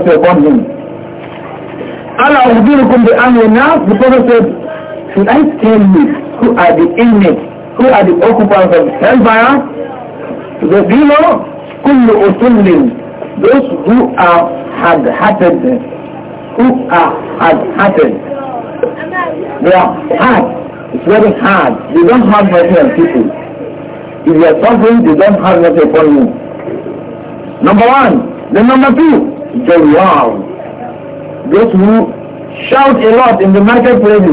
upon him. Allah Ubirkum the Amir now, the Prophet said, Should I tell you who are the inmates, who are the occupants of hellfire? The Dino, Kullu Usullin, those who are hard-hearted, who are hard-hearted. They are hard. It's very hard. They don't have mercy on people. If you are suffering, they don't have mercy upon you. Number one. Then number two, Jawab. Those who shout a lot in the marketplace,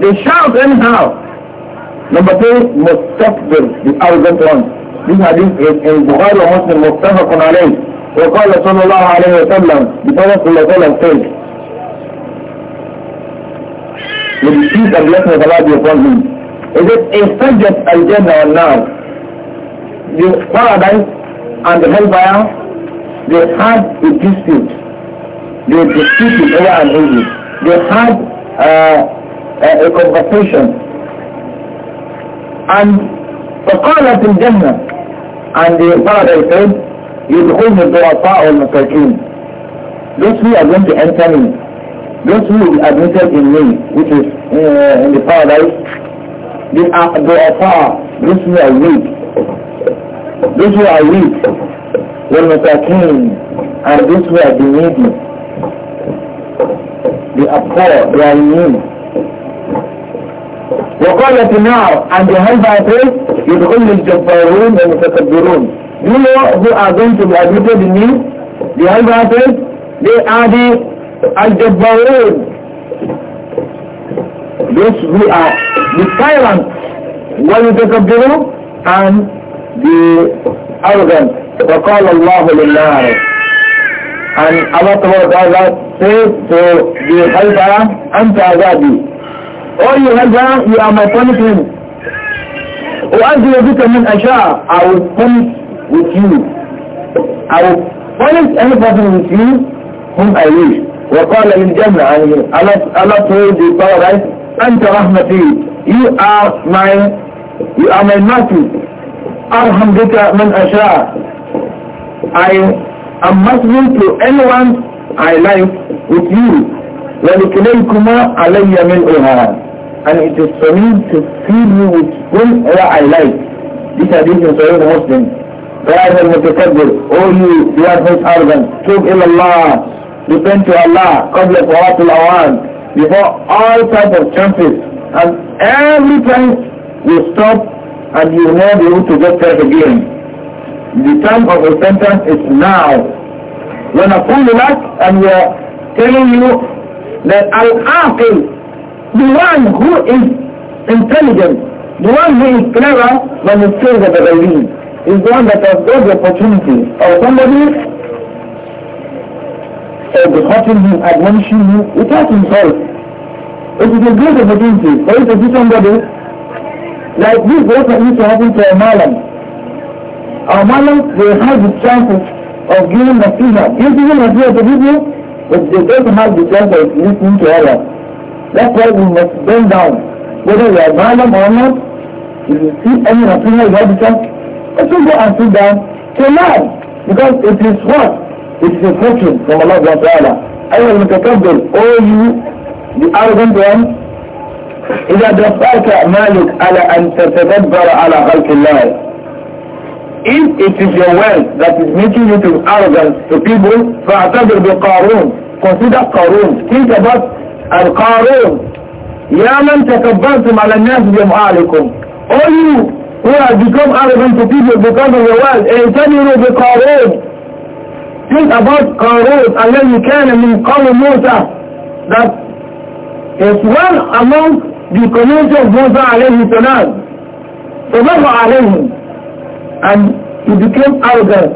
they shout anyhow. Number three, Mustaqbil, the arrogant one. This hadith is in Bukhari or Muslim, Mustafakun alayh. وقال صلى الله عليه وسلم بفضل صلى الله عليه وسلم with the peace and blessing of Allah be upon him. Is it a subject al-Jannah or not? The paradise and the hellfire They had a dispute. They disputed over an issue. They had uh, a, a conversation. And the فقالت الجنة and the paradise said "You the يدخلني الضعفاء والمساكين those who are going to enter me those who will admitted in me which is uh, in the paradise they are the ضعفاء those who are weak those who are weak والمساكين and those who are the needy, the poor, they are in need. وقالت now and the handwriters يدخل الجبارون والمتكبرون Do you know who are going to be admitted in need? The handwriters, they are the الجبارون Those who are the tyrants والمتكبرون and the arrogant وقال الله للنار and Allah Ta'ala says to the helper أنت عذابي or you helper you are my punishment وأنزل بك من أشاء I will punish with you I will punish any person with you whom I wish وقال للجنة and Allah told the paradise أنت رحمتي you are my you are my mercy أرحم بك من أشاء I am Muslim to anyone I like with you وَلِكِلَيْكُمَا عَلَيَّ مِنْ and it is for me to feed you with whomever I like. This hadith is Sahih Muslim. Rise al-Mutakabbir, O you, you are most arrogant, tub ila Allah, repent to Allah, qabla salatul awad, before all type of chances, and every time you stop and you will not be able to get back again. The time of repentance is now. When I pull you back and we are telling you that Al-Aqil, the one who is intelligent, the one who is clever when he says that the believe, is the one that has got the opportunity. Or somebody is hurting him, admonishing you without himself. It is a great opportunity for you to see somebody Like this is what used to happen to a uh, malam. A uh, malam, will have the chances of giving nasiha. If you nasiha to give you, but they don't have the chance of listening to Allah. That's why we must bend down. Whether you are malam or not, if you see any nasiha, you have the chance, also go and sit down to learn. Because it is what? It is a fortune from Allah subhanahu wa I will make a all you, the arrogant ones, إذا دفعت مالك على أن تتدبر على خلق الله If it is your wealth that is making you to arrogant to people فاعتبر بقارون consider قارون think about القارون يا من تكبرتم على الناس بأمعالكم all you who have become arrogant to people because of your wealth اعتبروا بقارون think about قارون الذي كان من قوم موسى that is one among the community of Musa alayhi salam Musa alayhi and he became arrogant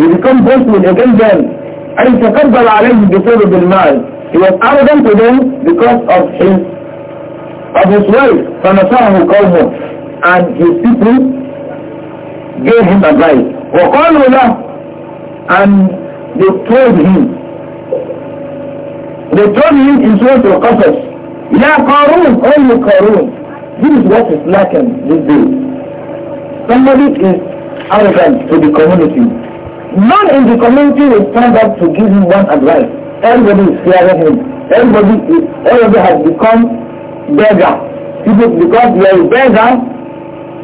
he became boastful against them and he تقبل before the بالمال he was arrogant to them because of his of his wealth فنصره قومه and his people gave him advice وقالوا له and they told him they told him in Surah Al-Qasas Ya Qarun, oh you Qarun. This is what is lacking This day, Somebody is arrogant to the community. None in the community will stand up to give him one advice. Everybody is fearing him. Everybody is, everybody has become beggar. People, because you are a beggar,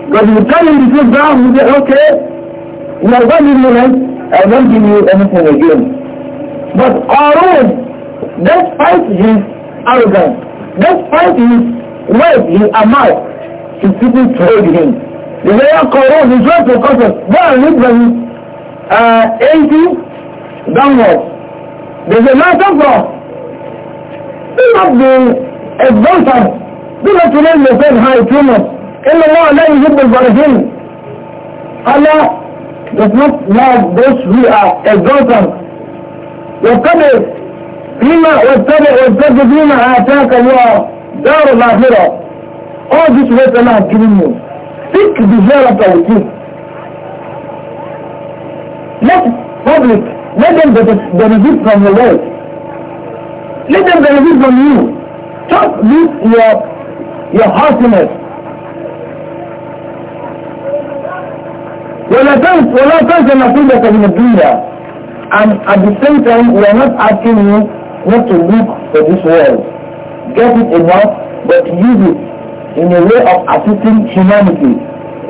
because you come in the food ground, you say, okay, you are going to give I won't give you anything again. But Qarun, despite his arrogance, Just find his words, his amount to people trade him. The mayor Koron is right to cause Go and read from uh, 80 downwards. There's a matter of law. Do not be exalted. Do not remain the same high too much. let الله لا for him. Allah does not love those who are exalted. Your وقد فيما واتبع واتبع فيما آتاك الله دار الآخرة all this way Allah has given you seek the hereafter with him let public let them benefit from your wealth let them benefit from you stop this your your harshness ولا تنس ولا تنس نصيبك من الدنيا and at the same time we are not asking you not to look for this world. Get it enough, but use it in a way of assisting humanity.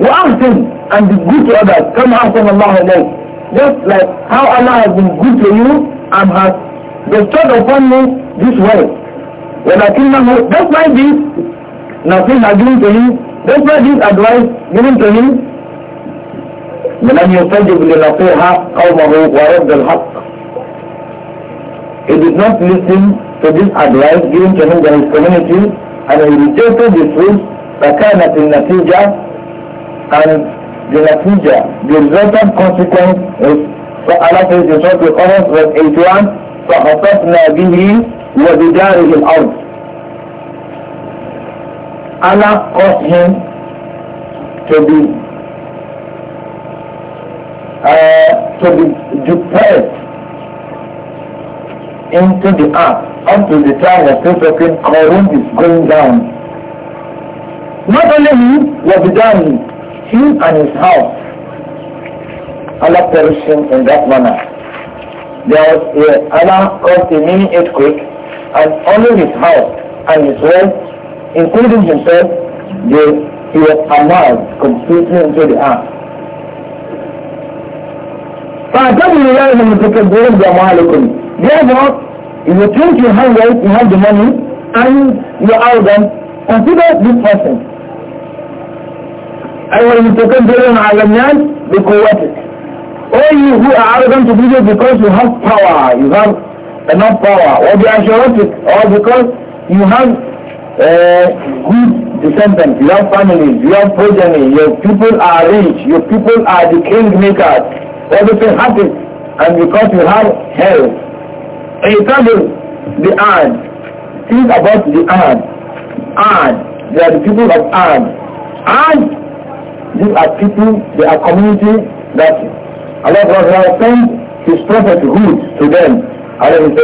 One thing and be good to others. Come out from Allah alone. Just like how Allah has been good to you and has bestowed upon you this wealth. When I think now, just like this, nothing has given to him, just like this advice given to him, من أن يستجب لنصيحة قومه ورد الحق He did not listen to this advice given to him by his community and he rejected the truth فكانت النتيجة and the natija, the resultant consequence is Allah فعلى في الجسد القرص والإيتوان فخطفنا به وبداره الأرض Allah caused him to be uh, to be depressed into the earth up to the time of Prophet Korun is going down. Not only he was done, he and his house, Allah perishing in that manner. There was a, Allah caused a mini earthquake and only his house and his wife, including himself, they, he was allowed completely into the earth. فاعتبروا الله من تكبرون بأموالكم Therefore, if you think you have wealth, you have the money, and you are them, consider this person. I will want you to consider على الناس بقوتك. All you who are arrogant to people because you have power, you have enough power, or بأشارتك, or because you have uh, good descendants, you have families, you have progeny, your people are rich, your people are the king makers, everything happens, and because you have health, And you tell them the Ad. Think about the Ad. Ad. They are the people of Ad. Ad. These are people, they are community that Allah has sent His prophet Hud to them. Allah is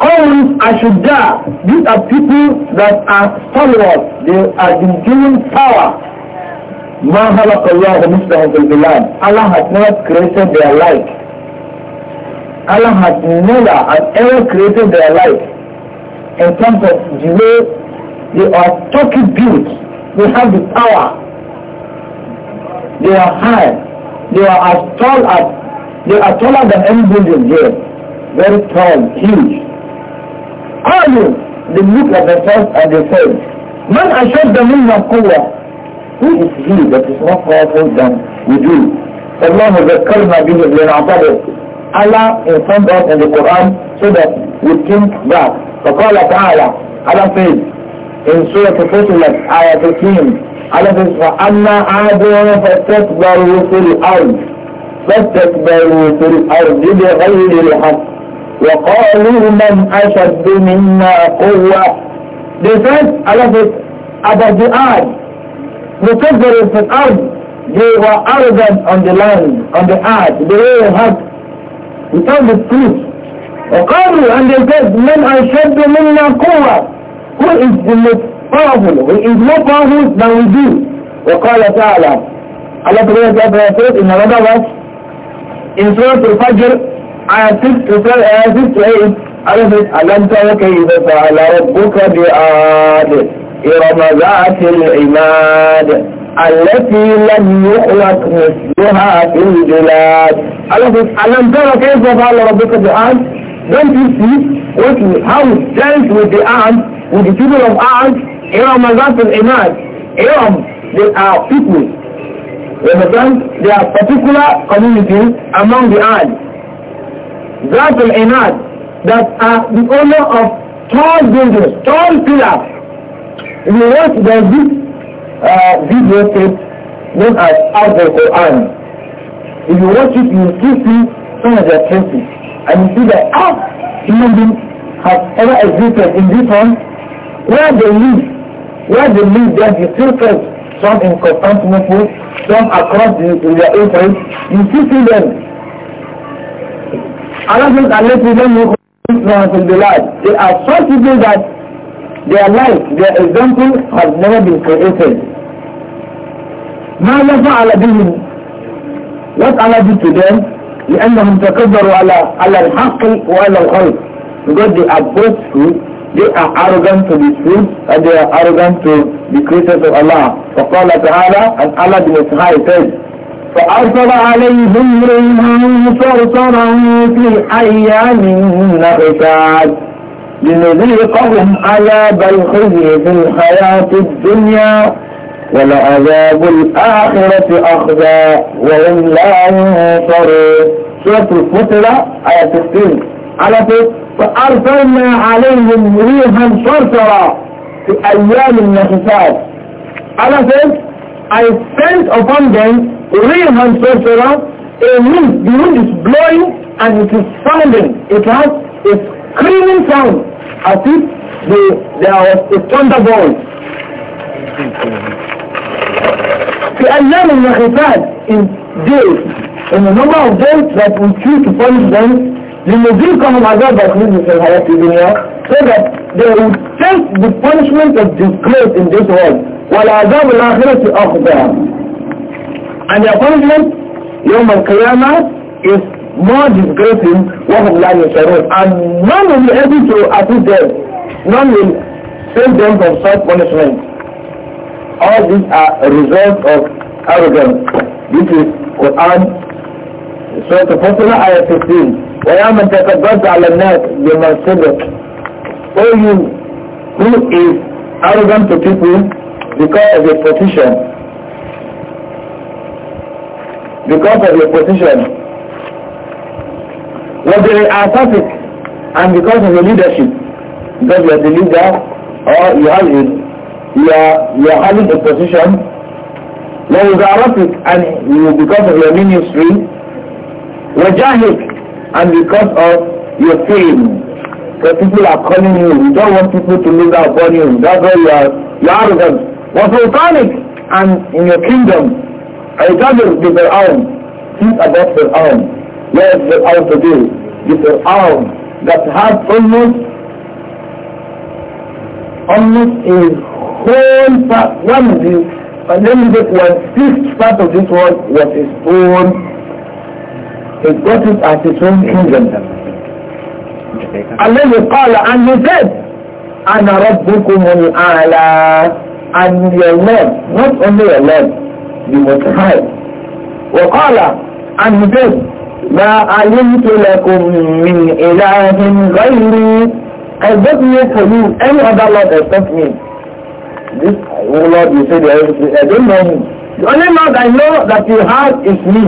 Alayhi I should die? These are people that are followers. They are been given power. Ma خلق الله مثلهم في Allah has not created their like. Allah has never has ever created their life in terms of the way they are talking, built. They have the power. They are high. They are as tall as they are taller than any building here. Very tall, huge. All you, they look at themselves and they say, Man assured them in Makuwa. Who is he that is more powerful than we do? Allah has a kalma being in our Allah informed us in the Quran so that we think that. فقال تعالى Allah says in Surah Fusilat Ayah 15 Allah says فأما عاد فاستكبروا في الأرض فاستكبروا في الأرض بغير الحق وقالوا من أشد منا قوة They said Allah says about the earth because there is an earth they were arrogant on the land on the earth they were hard without dispute وقالوا and they said من أشد منا قوة who is the most powerful who is more powerful than we do وقال تعالى Allah Ta'ala said in another verse in Surah Al-Fajr ayah 6 to 7 ayah 6 to 8 Allah says ألم تر كيف فعل ربك بعاد إرم ذات العماد التي لم يخلق مثلها في البلاد ألم ترى كيف فعل ربك بعاد Don't you see what how strange with the Ad, with the people of Ad, Aram and Ras al they are people. understand? They are particular communities among the Ad. Ras al-Imad, that are the owner of tall buildings, tall pillars. You know, there's this Uh, video tape known as Al Quran. If you watch it, you will see some of the traces. And you see that how ah, human beings have ever existed in this one, where they live, where they live, there you still find some in Constantinople, some across the, their own place, you still see them. Allah says, unless you don't know who the life. They are so people that their life, their example has never been created. ماذا فعل بهم what Allah did لأنهم تكبروا على على الحق وعلى الخلق. because they are boastful they are arrogant to be truth and they are arrogant to be creators of Allah فقال تعالى and Allah the Most High says فأرسل عليهم ريحا صرصرا في حيان نغشاد لنذيقهم على بل في الحياة الدنيا ولعذاب الآخرة أخزى وهم لا ينصرون سورة الفترة آية 60 على فأرسلنا عليهم ريحا صرصرا في أيام النحسات على I sent upon them ريحا صرصرا a wind, the wind is blowing and it is sounding. It has a screaming sound as if the, there was a thunderbolt. The Allah and Yahidan in days, in the number of days that we choose to punish them, the may be common azab that leads to Hayat here, so that they will take the punishment of disgrace in this world, while will not azab al-akhirati them. And their punishment, Yom al-Qiyamah, is more disgracing what of land is and none will be able to assist them. None will save them from such punishment. all these are a result of arrogance. This is Quran, Surah "Why fatihah Ayah 15. وَيَا مَنْ تَكَبَّرْتَ عَلَى النَّاسِ بِمَنْصِبِكَ All you who is arrogant to people because of your position, because of your position, whether وَبِعِعَاتَتِكَ and because of your leadership, because you are the leader or you have a you are, you are having a position when you are and you because of your ministry wajahik and because of your fame so people are calling you you don't want people to look out upon you that's why you are you are arrogant wasultanic and in your kingdom al-qadr bi fir'aun think about fir'aun what is fir'aun to do the fir'aun that has almost almost is whole part, one of the, and then we get one fifth part of this world was his own. He got it as his own kingdom. الذي قال and he said أنا ربكم الأعلى and your Lord not only your Lord the Most وقال أن he said ما علمت لكم من إله غيري I don't know for you any other Lord except me This oh Lord, you said I don't know him. The only man I know that you have is me.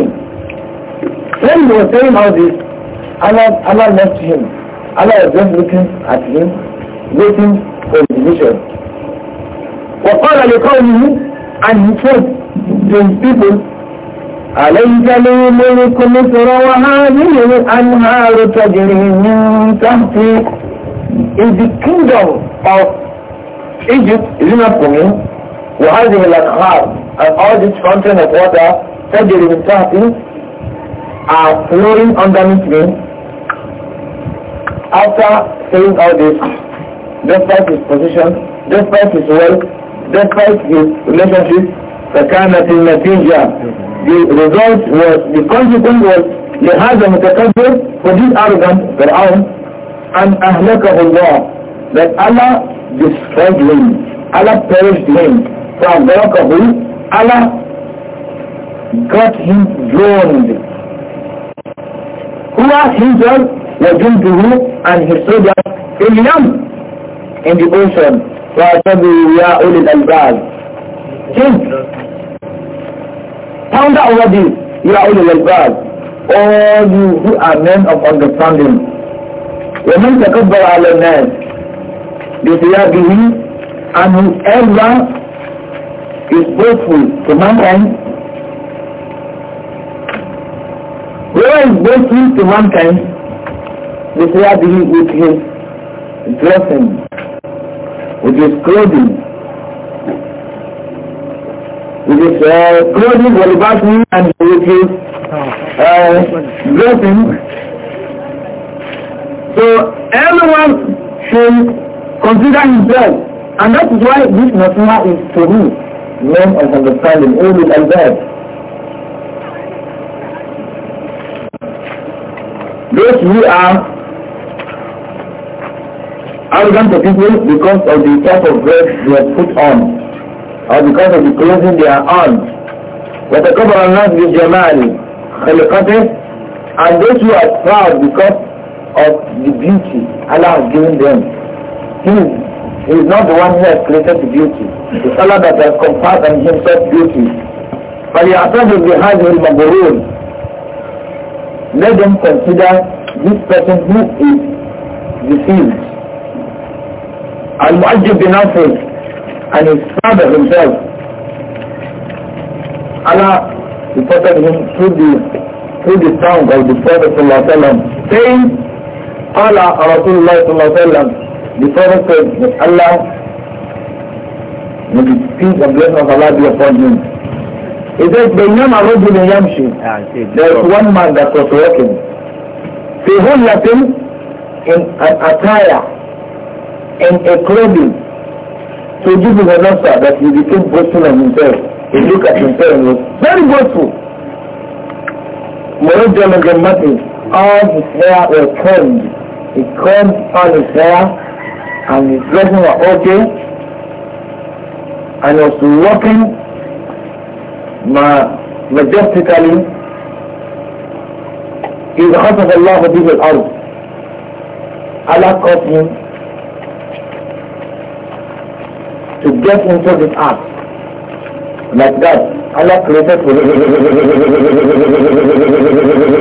When he was saying all this, Allah, Allah left him. Allah was just looking at him, waiting for his vision. وقال لقومه and he said to his people أليس لي ملك مصر وهذه الأنهار تجري من تحتي in the kingdom of Egypt is not coming. وهذه الأنهار and all this fountain of water تجري من تحتي are flowing underneath me. After saying all this, despite his position, despite his wealth, despite his relationship, فكانت النتيجة the result was the consequence was لهذا المتكبر for this arrogant فرعون أن أهلكه الله that Allah The struggling, Allah perished him. From Barakahu, Allah got him drowned. Who himself to juntuhu and his soldiers in Yam in the ocean. فَأَتَبُوا يَا أُولِي الْأَلْبَابِ Think. already. You are only أُولِي God. All you who are men of understanding. وَمَنْ تَكَبَّرَ عَلَى النَّاسِ بثيابه and whoever is grateful to mankind whoever is grateful to mankind بثيابه with his dressing with his clothing with his uh, clothing ولباسه and with his uh, dressing so everyone should Consider himself. And that is why this nasiha is to me. Men of understanding, only with albab. Those who are arrogant people because of the type of dress they have put on or because of the clothing they are on. the وتكبر الناس بجمال خلقته and those who are proud because of the beauty Allah has given them He is not the one who has created the beauty. It's Allah that has conferred on himself beauty. but he has him on the الْمَغْرُورِ Let them consider this person who is deceived. Al-Mu'ajjib bin Afir and his father himself. Allah reported him through the, through the tongue of the Prophet Sallallahu Alaihi Wasallam. رسول Allah صلى الله عليه وسلم The said that Allah, may the peace and blessing of Allah be upon him. He said, بينما رجل يمشي There is one man that was walking. في هلة in an attire, in a clothing, to give him an answer that he became boastful of himself. He looked at himself and was very boastful. مرجل جمته, all his hair were combed. He combed all his hair and his dressing was okay and he was walking majestically إذ خسف الله به الأرض Allah caused him to get into this earth like that Allah created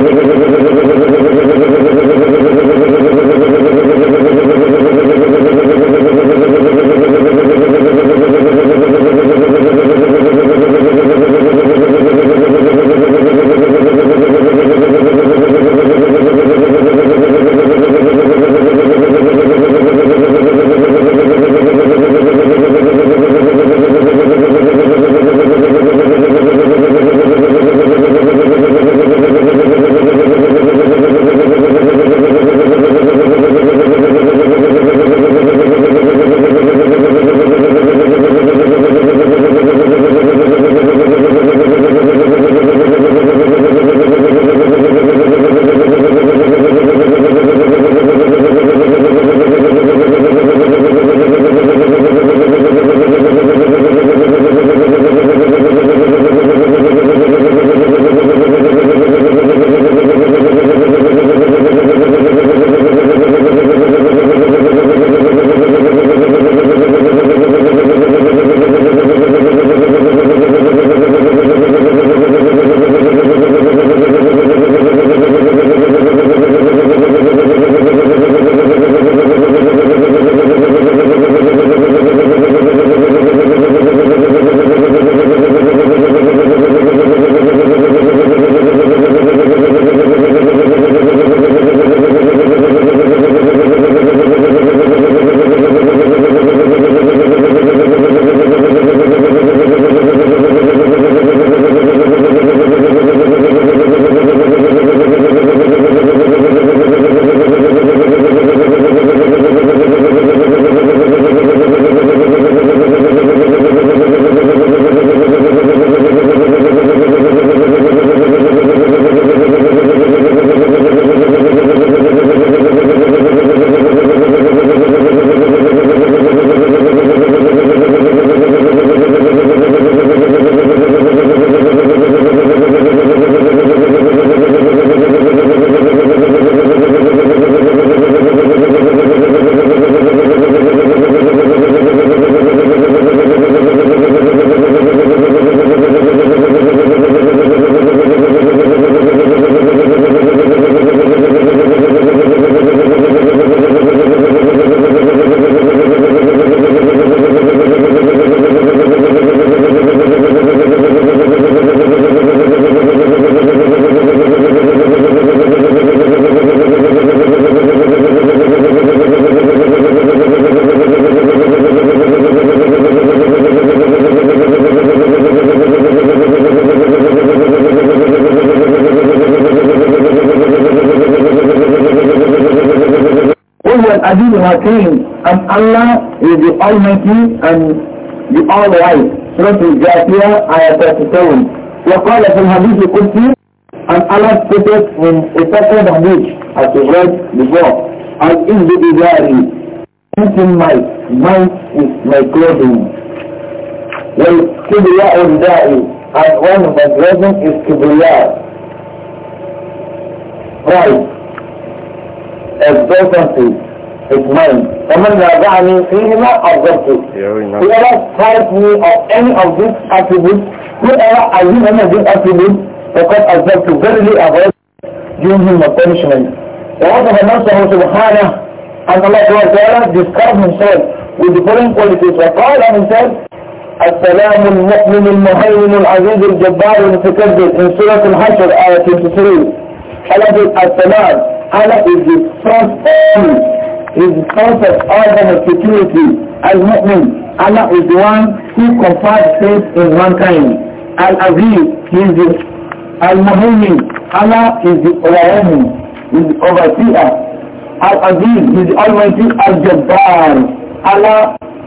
and the All-Wise. Surah Al-Jafiyah, Ayah 37. وقال في الحديث القدسي أن الله كتب من أتاك حديث as we read before and in the Idari Something my mind is my clothing. والكبرياء الداعي and one of my clothing is كبرياء pride exultancy حكمان ومن راجعني فيهما أفضلته whoever strives me of any of these attributes whoever I give him these attributes فقد أفضلته verily avoid giving him a punishment ووصف نفسه سبحانه أن الله سبحانه وتعالى described himself with the following qualities وقال عن himself السلام المؤمن المهيمن العزيز الجبار المتكبر من سورة الحشر آية 23 السلام Allah is the first is the comfort of the security al-mu'min Allah is the one who confers faith in mankind al-aziz he is the al-muhaymin Allah is the overwhelming is the overseer al-aziz is the almighty al-jabbar Allah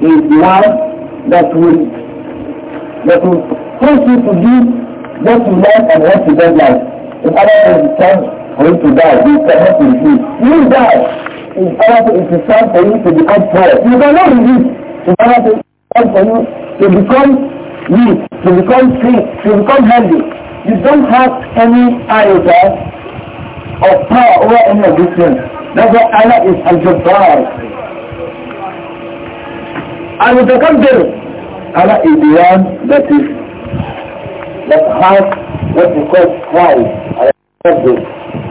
is the one that will that will force you to do what you like and what you don't like if Allah is the time for you to die you cannot refuse you die is order to, it for you to become poor. You cannot resist in order to, time for you to become weak, to become sick, to become healthy. You don't have any iota of power over any of these things. That's why Allah is Al-Jabbar. and Al-Mutakabdir. Allah is the one that is, that has what we call pride. al this.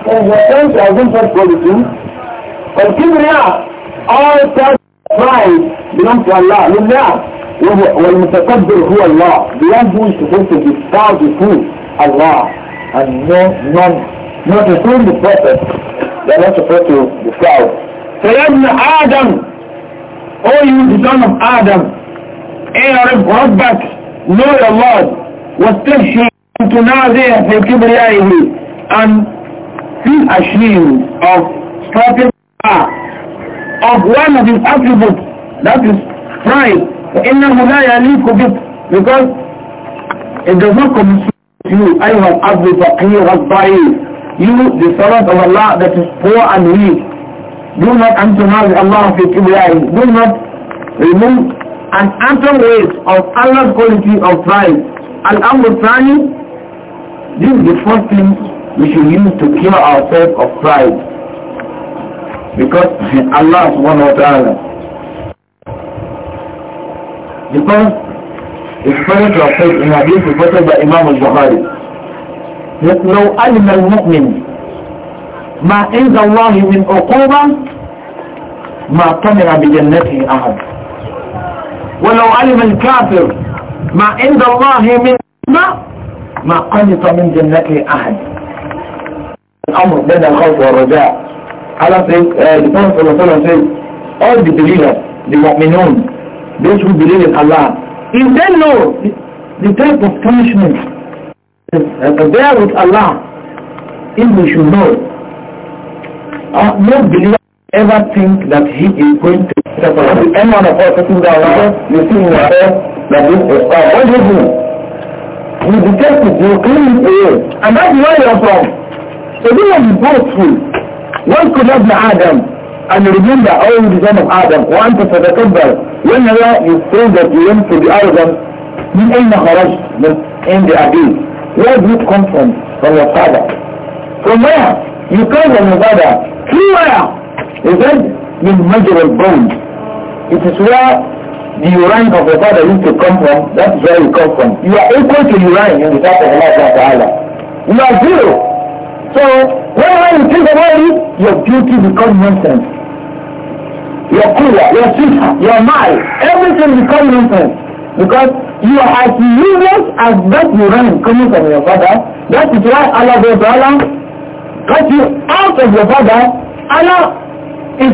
And your friends are going to go with you. But Kibriya, all such pride belongs to Allah. Lillah. والمتكبر هو Allah. The one who is supposed to be proud is who? Allah. And no, none, not including the Prophet. They are not supposed to be proud. سيدنا Adam, Oh you the son of Adam اعرف ربك know your Lord واستشهد تنازع في كبريائه and feel ashamed of stopping of one of his attributes, that is pride. فَإِنَّهُ لَا يَلِيكُ بِكَ Because it does not concern you, أَيُّهَا الْأَبْدُ فَقِيرَ الضَّعِيف You, the servant of Allah that is poor and weak, do not antagonize Allah fi kibriyah. Do not remove an atom weight of Allah's quality of pride. Al-Amr Thani, this is the first thing we should use to cure ourselves of pride. because Allah subhanahu wa ta'ala because explained to ourselves in hadith reported by Imam al-Bukhari that لو علم المؤمن ما عند الله من عقوبة ما طمع بجنته أحد ولو علم الكافر ما عند الله من ما ما قنط من جنته أحد الأمر بين الخوف والرجاء Allah says, uh, eh, the Prophet ﷺ says, all the believers, the mu'minun, those who believe in Allah, if they know the, the type of punishment uh, there with Allah, if we should know, uh, no believer ever think that he is going to anyone of us sitting down now, you see in yourself that this is God. What do you do? You detect it, you clean it away. And that's where you're from. So this is both true. واذكر يا ابن آدم أن remember all the son of Adam وأنت تتكبر whenever you say that you went to the arrogant من أين خرجت من عند أبيك where did you come from from your father from where you come from your father through where he said من مجرى البول it is where the urine of your father used to come from that is where you come from you are equal to urine in the sight of Allah you are zero So whenever you think about it, your beauty becomes nonsense. Your cooler, your sister, your mind, everything becomes nonsense. Because you are as useless as that you ran coming from your father. That is why Allah goes Allah cut you out of your father. Allah is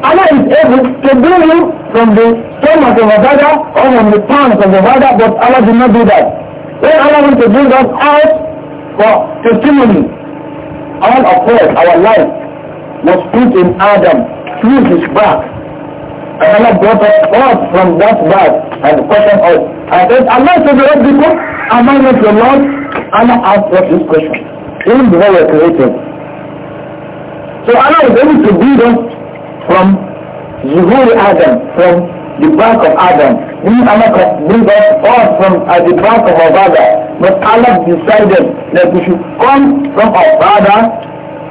Allah is able to bring you from the stomach of your father or from the pants of your father, but Allah did not do that. When Allah wants to bring us out for testimony, all of us, our life, was put in Adam through his back. And Allah brought us out from that back and questioned us. I said, Allah said, what people? Am I not your Lord? Allah asked us this question. Even before we were created. So Allah is able to bring us from Zuhuri Adam, from the back of Adam. We Allah can bring us all from at uh, the back of our father. But Allah decided that we should come from our father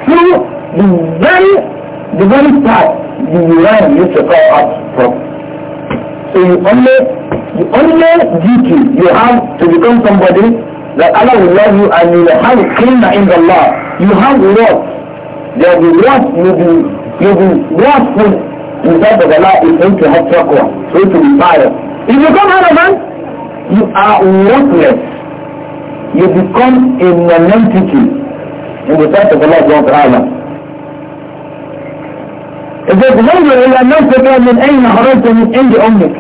through the very, the very path the Iran used to call us from. So you only, the only duty you have to become somebody that Allah will love you and you will have kingdom in the law. You have love. There will be love, you be, you will be lawful inside of the law is going to have taqwa, so it will be fire. If you come out of man, you are worthless. you become a nonentity in the sight of Allah subhanahu wa ta'ala. إذا تنظر إلى نفسك من أين خرجت من عند أمك.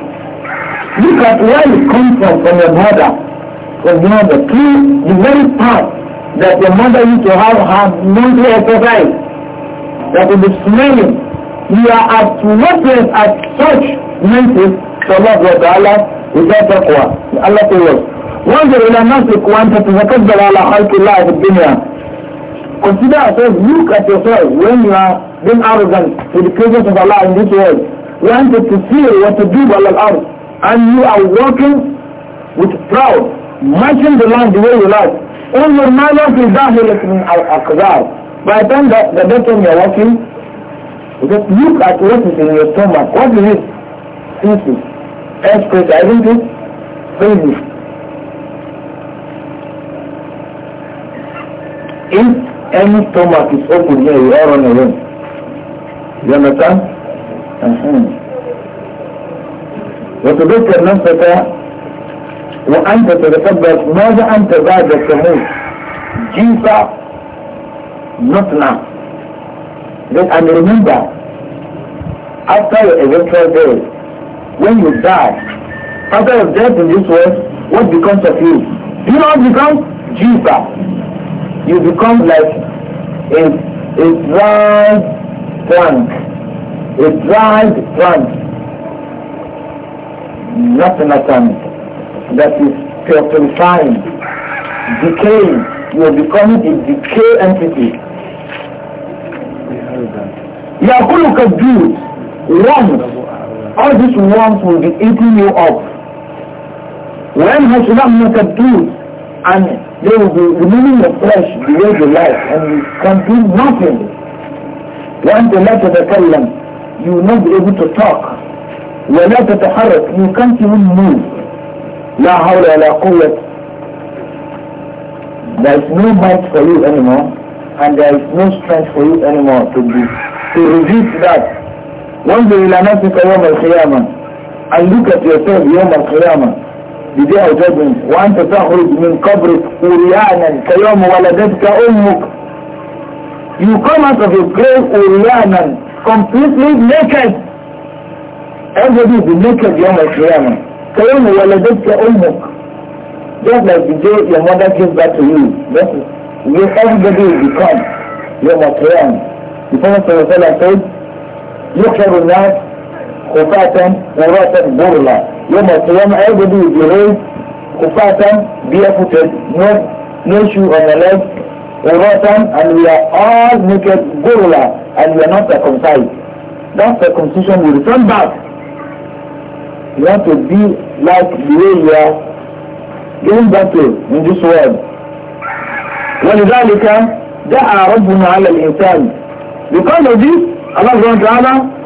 Look at where it comes from from your mother. From your mother. Clear the very part that your mother used to have her monthly exercise. That will be smelling. You are as worthless as such mental to Allah subhanahu wa ta'ala without taqwa. Allah to us. وانظر إلى نفسك وأنت تتكبر على خلق الله في الدنيا Consider yourself, look at yourself when you are being arrogant to the presence of Allah in this world. You wanted to feel what to do by Allah and you are walking with proud, marching the land the way you like. All your manners is لا في ظاهرك من الأقدار. By the time that the day time you are walking, just look at what is in your stomach. What is it? Feces. Excreta, isn't it? Feces. If any stomach is open here, you are on your own. You understand? Uh-huh. وتذكر نفسك وأنت تتكبر ماذا أنت بعد الشمول؟ جيت not now. Then, and remember, after your eventual death, when you die, after your death in this world, what becomes of you? Do you know what becomes? Jesus. you become like a, a dried trunk, a dried trunk, not an atom that is purifying, decaying. You are becoming a decay entity. يأكلك الجوع worms all these worms will be eating you up وينهش لحمك الجوع and they will be removing the flesh below the life, and you can do nothing. Once وأنت لا تتكلم you will not be able to talk ولا تتحرك you can't even move لا حول ولا قوة there is no might for you anymore and there is no strength for you anymore to be to resist that you وانظر إلى نفسك يوم القيامة and look at yourself يوم القيامة بجهة جبن وأنت تخرج من قبرك أريانا كيوم ولدتك أمك You come out of your grave أريانا completely naked Everybody be naked يوم القيامة كيوم ولدتك أمك Just like the day your mother gave birth to you That's where everybody will become يوم القيامة The Prophet صلى الله عليه وسلم said يحشر الناس خفاة وراة برلا يوم القيامة everybody will be raised خفاة barefooted no, no shoe on the and we are all naked burla and we are not circumcised that circumcision will return back you want to be like the way you are given back to in this world ولذلك دعا ربنا على الإنسان because of this Allah subhanahu wa ta'ala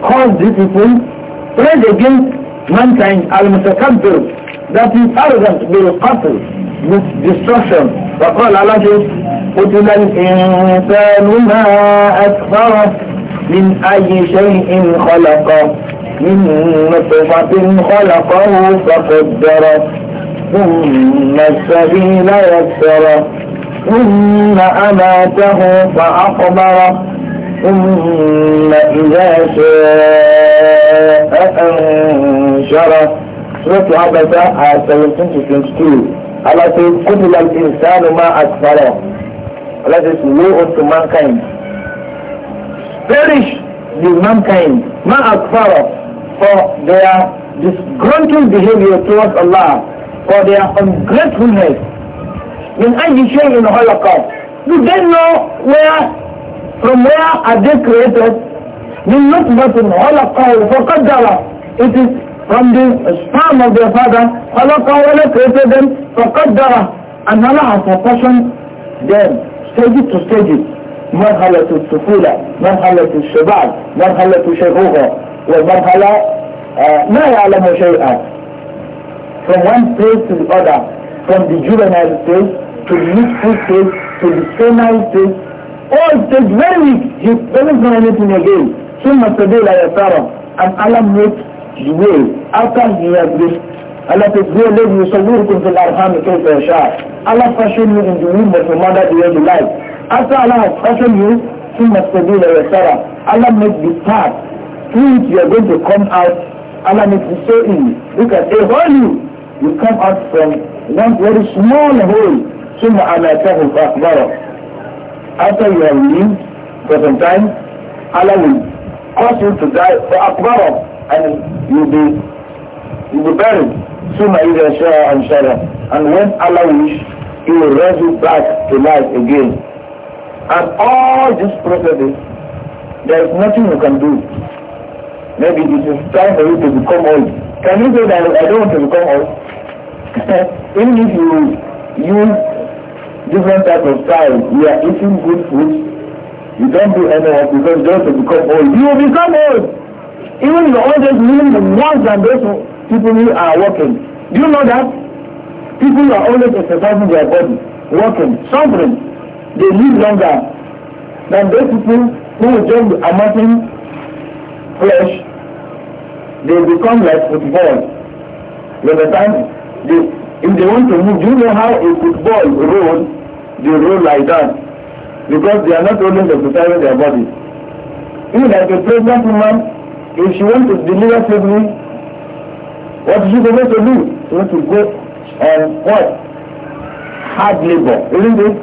cause these people rage against mankind al-mutakabbir that is arrogant will qatl with destruction وقال الله قتل الإنسان ما أكفره من أي شيء خلقه من نطفة خلقه فقدره ثم السبيل يسره ثم أماته فأقبره ثم إذا شاء أنشره سورة عبسة 1722 التي قتل الإنسان ما أكثره التي سوء to mankind perish the mankind ما أكثره for their disgruntled behavior towards Allah for their ungratefulness من أي شيء خلقه Do they know where from where are they created? we look Min nutfatin khalaqahu faqaddara. It is from the sperm of their father. Khalaqahu Allah created them faqaddara. And Allah has proportioned them stages to stages. مرحلة الطفولة مرحلة الشباب مرحلة شيخوخة والمرحلة لا يعلم شيئا from one place to the other from the juvenile stage to the youthful stage to the senile stage or it very weak, he doesn't know anything again. much to ثم سبيل يساره and Allah makes the way after he has this, Allah says, "Go live يصوركم في الأرحام كيف يشاء." Allah fashion you in the womb of your mother the way you like. After Allah has fashioned you, much to ثم سبيل يساره Allah makes the path through which you are going to come out. Allah makes you so in Look at a hole you. You come out from one very small hole. ثم أماته فأكبره after you have lived for some time, Allah will cause you to die for Akbar and you'll be, you'll be buried. Suma either Shara and Shara. And when Allah wish, He will raise you back to life again. And all these processes, there is nothing you can do. Maybe it is time for you to become old. Can you say that I don't want to become old? Even if you use different types of styles. We are eating good food. You don't do any work because just to become old. You will become old. Even your oldest age means more than those people who are working. Do you know that? People who are always exercising their body, working, suffering, they live longer than those people who just amassing flesh. They become like football. You understand? They, if they want to move, do you know how a football rolls? they roll like that because they are not holding the society their body. Even like a pregnant woman, if she wants to deliver safely, what is she supposed to do? She wants to go and what? Hard labor, isn't it?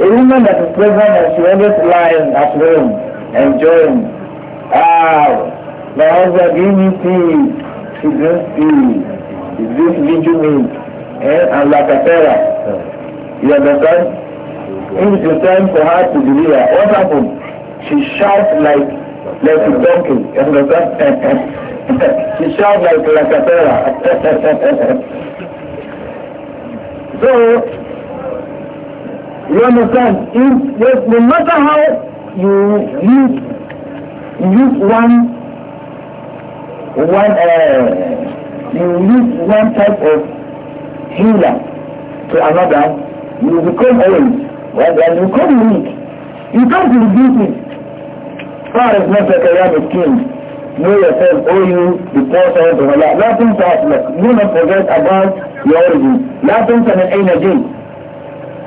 A woman that is pregnant and she always lying at home, enjoying. Ah, my husband give me tea. She drinks tea. She drinks ginger milk. Eh? And lacatera. You understand? In between time for her to deliver, what happened? She shout like like a donkey. You understand? she shout like a capella. so you understand? If, yes, no matter how you use use one one uh, you use one type of healer to another you will become old. right? And you become weak. You come to the beauty. Far is not like a rabbit king. Know yourself, oh you, the poor servant of Allah. Nothing to ask, Do not forget about your origin. Nothing to an energy.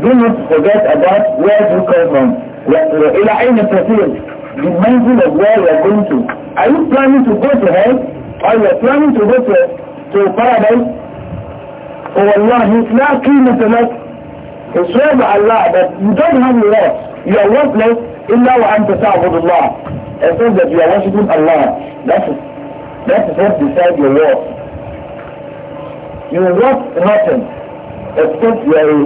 Do not forget about where you come from. إلى أين تسير? Be mindful of where you are going to. Are you planning to go to hell? Are you planning to go to, to paradise? Oh, Allah, not لا قيمة لك It's swear by Allah that you don't have your worth. You are worthless illa wa anta ta'budullah. I said that you are worshipping Allah. That is, that is what decides your worth. You are worth nothing except you are a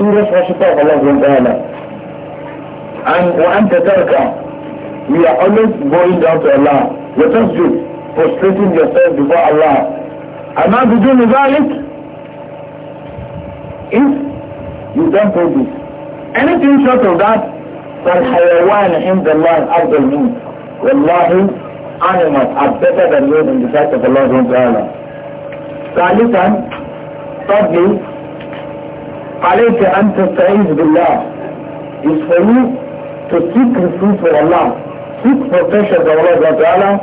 serious worshipper of Allah subhanahu And wa anta tarka. We are always going down to Allah. Let us do prostrating yourself before Allah. Am I doing ذلك? If You don't do this. Anything short of that, فالحيوان عند الله أفضل منك. والله animals are better than you in the sight of Allah subhanahu wa ta'ala. ثالثا thirdly عليك أن تستعيذ بالله is for you to seek refuge for Allah seek protection from Allah subhanahu wa ta'ala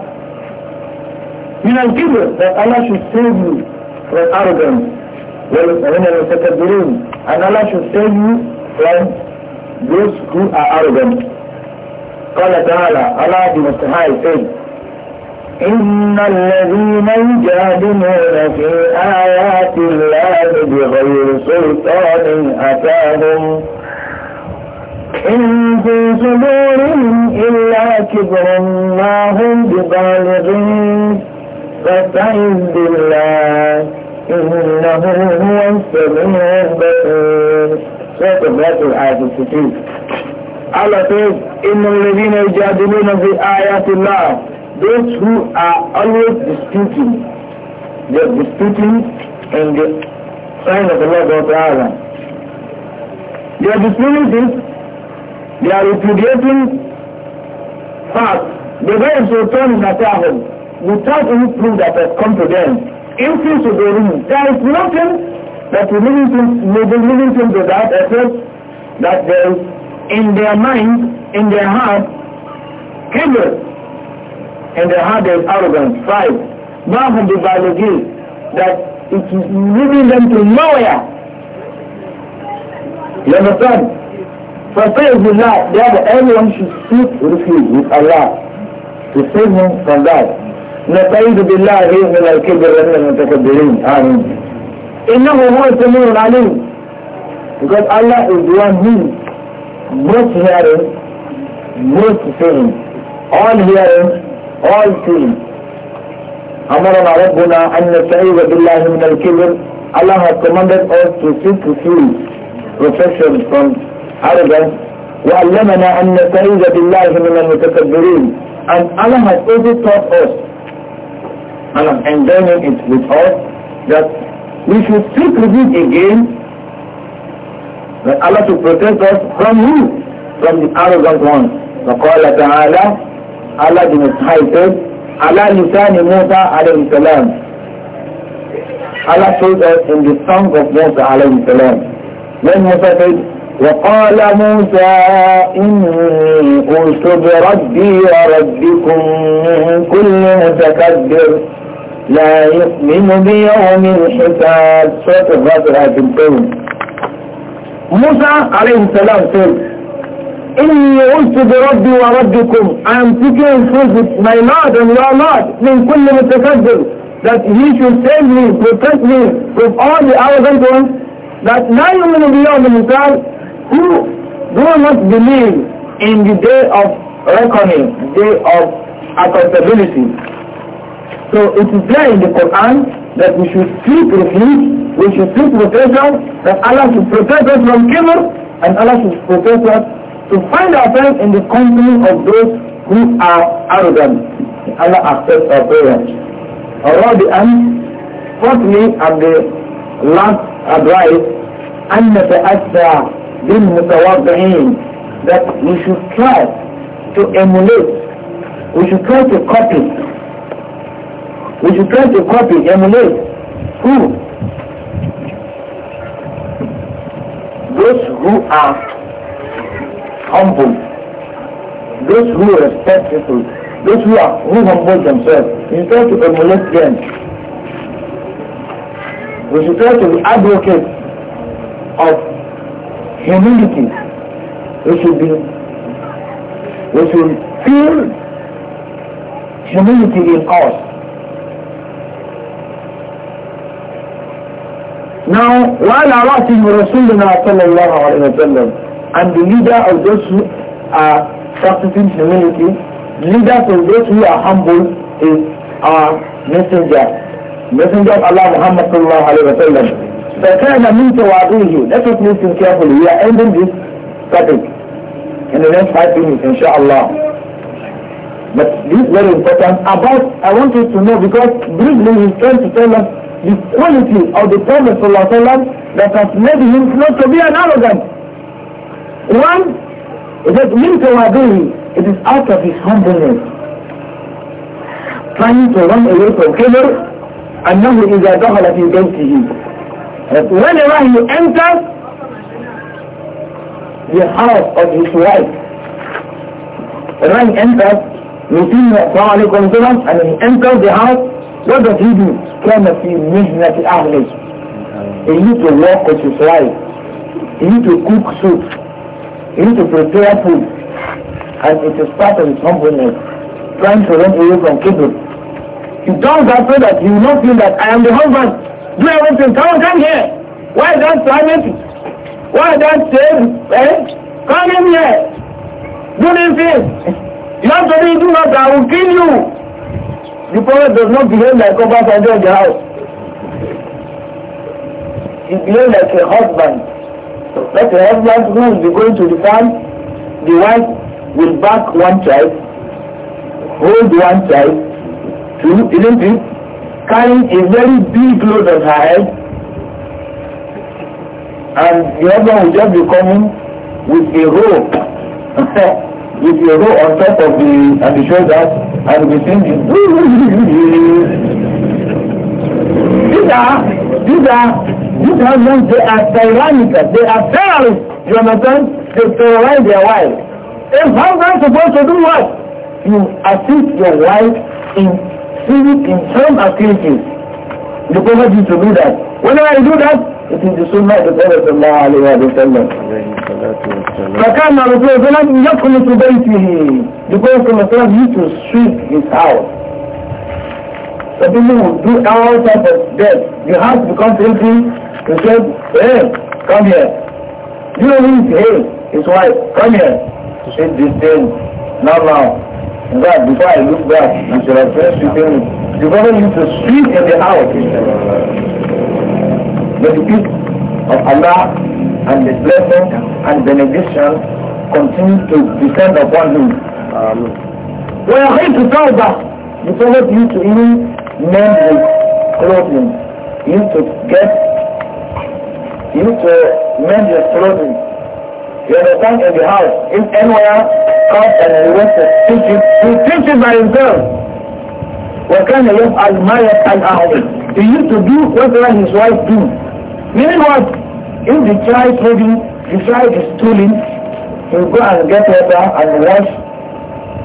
من الكبر that Allah should save you from arrogance ومن المتكبرين أن لا should save you from those who are arrogant قال تعالى على the Most High إن الذين يجادلون في آيات الله بغير سلطان أتاهم إن في صدورهم إلا كبر ما هم ببالغين فاستعذ بالله إنه هو السميع البصير سورة بيت الآية الستين Allah says, Inna الَّذِينَ يُجَادِلُونَ فِي آيَاتِ اللَّهِ Those who are always disputing, they are disputing in the sign of Allah Ta'ala. They are disputing this, they are repudiating facts. The very Sultan Natahum, without any proof that has come to them, influence of the religion. There is nothing that religion thinks, religion thinks about except that there is in their mind, in their heart, kibble. In their heart there is arrogance, pride, bound from the biology, that it is leading them to nowhere. You understand? For praise the not, therefore everyone should seek refuge with Allah to save him from that. نستعيذ بالله من الكبر من المتكبرين آمين إنه هو السميع العليم because Allah is the one who most hearing most seeing all hearing all seeing أمرنا ربنا أن نستعيذ بالله من الكبر Allah has commanded us to seek to see protection from arrogance وعلمنا أن نستعيذ بالله من المتكبرين and Allah has also taught us and I'm endowing it with us that we should seek repeat again that Allah to protect us from you, From the arrogant one. فقال تعالى Allah the Most High said على لسان موسى عليه السلام Allah told us in the song of Musa عليه السلام when Musa said وقال موسى إني قلت بربي وربكم من كل متكبر لا يؤمن بيوم الحساب سورة الرابعة الكون موسى عليه السلام said إني قلت بربي وربكم I'm taking physics my Lord and your Lord من كل متكبر that he should save me, protect me from all the arrogant ones that لا يؤمن بيوم الحساب who do not believe in the day of reckoning, day of accountability So it is there in the Quran that we should seek refuge, we should seek protection, that Allah should protect us from evil, and Allah should protect us to find ourselves in the company of those who are arrogant. Allah accepts our prayers. Allah the end. Fourthly, and the last advice, أن the بالمتواضعين that we should try to emulate, we should try to copy we should try to copy, emulate. Who? Those who are humble, those who respect people, those who are who humble themselves. We should try to emulate them. We should try to be advocates of humility. We should be we should feel humility in us. Now, while Allah is Rasulullah sallallahu alayhi wa sallam, and the leader of those who are practicing humility, leaders of those who are humble is our messenger. Messenger of Allah Muhammad sallallahu alayhi wa sallam. فَكَانَ مِنْ here. Let us listen carefully. We are ending this topic in the next five minutes, inshallah. But this is very important. About, I want you to know because briefly he's trying to tell us the quality of the Prophet Allah that has made him not to be an arrogant. One is that to agree, it is out of his humbleness. Trying to run away from kibr, أنه إذا دخل في him that whenever he enters the house of his wife, when he enters, the السلام عليكم and he enters the house What does he do? Kẹ́mẹ̀ fi méjìlá ti He need to work with his wife. He need to cook soup. He need to prepare food. And it is part of his humbleness. Trying to run away from kingdom. He does that so that he will not feel that I am the husband. Do everything. Come on, come here. Why don't climate? Why don't say? Eh? Come in here. Do this. thing. You have to do that. I will kill you. The prophet does not behave like Oba Sanjo in the house. He behaves like a husband. Like a husband who will be going to the farm, the wife will back one child, hold one child, two, isn't it? Carrying a very big load on her head, and the husband will just be coming with a rope. if you go on top of the and the shoulders and be singing these are these are these are men. they are tyrannical they are terrorists you understand they terrorize their wives if husband supposed to do what you assist your wife in civic in some activities the prophet used to do that whenever you do that ìtìjú súnmọ́ ìtìkọ́rọ̀ tó mọ́ àlèyà ló tẹ́lẹ̀. Kàkà máa rò pé ọ̀gbọ́n láti yọkùnrin tó bẹ́ẹ̀ ti hì because the Lord used to sweep his house. The people who do all type of death, you have to become filthy, you say, hey, come here. You know who is hey, his wife, come here. To say this thing, Now, now. In fact, before I look back, I should have first you The government used to sweep in the house. May the peace of Allah and the blessing and benediction continue to descend upon him. Amen. tell that You cannot use to even mend his clothing. You need to get, you need to mend your clothing. You understand in the house, if anywhere comes and he wants to teach it, he teaches by himself. وكان يفعل and يفعل أهله. He used to do whatever his wife do. Meaning what? if the child maybe the child is tooling, he will go and get water and wash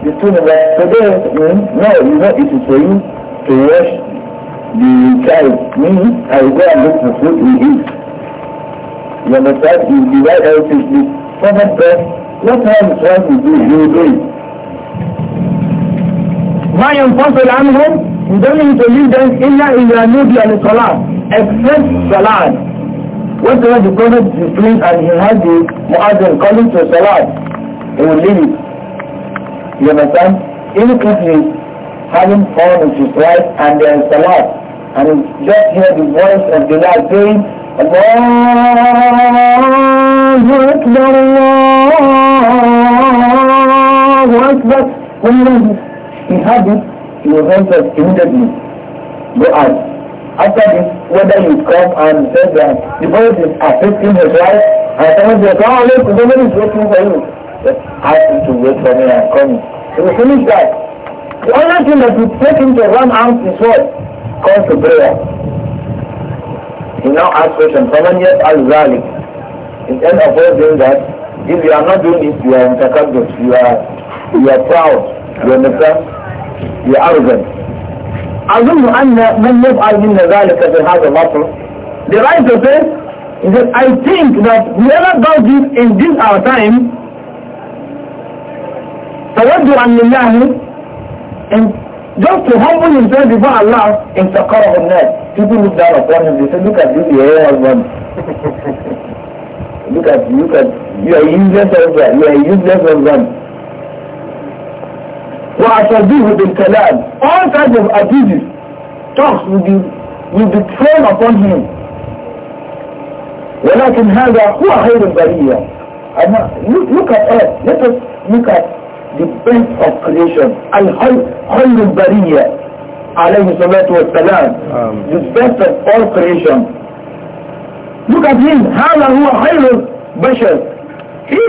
the stooling. But today, no, you know it is for you to wash the child. Me, I will go and look for food we eat. You understand? You divide everything. The prophet said, what time is what you do, you will do it. ما ينفصل عنهم you don't need to leave them in إذا نودي للصلاة except صلاة Whenever the Prophet is praying and he has the Muazzin calling to Salat, he will leave it. You understand? Even if he having fallen with his right and there is Salat, and he just hear the voice of the Lord saying, Allahu Akbar, Allahu Akbar. Whenever he has it, he will answer immediately. Go out. After this, whether you come and say that the boy is affecting his life, and someone him, oh, look, the woman is waiting for you. Just ask him to wait for me and come. He will finish that. The only thing that will take him to run out is what? Come to prayer. He now asks question, someone yet al-Zalik. end of all doing that, if you are not doing this, you are in you are, you are proud, you understand? You are arrogant. أظن أن من يفعل منا ذلك في هذا العصر the right to say is that I think that whoever does this in this our time تودعا لله and just to humble himself before Allah in Sakara of Nas people look down upon him they say look at this your husband look at look at you are useless husband you are useless husband وأشبهه بالكلام all kinds of abuses talks will be will be thrown upon him ولكن هذا هو خير البرية أما look at us let us look at the best of creation الخير خير البرية عليه الصلاة والسلام the best of all creation look at him هذا هو خير البشر he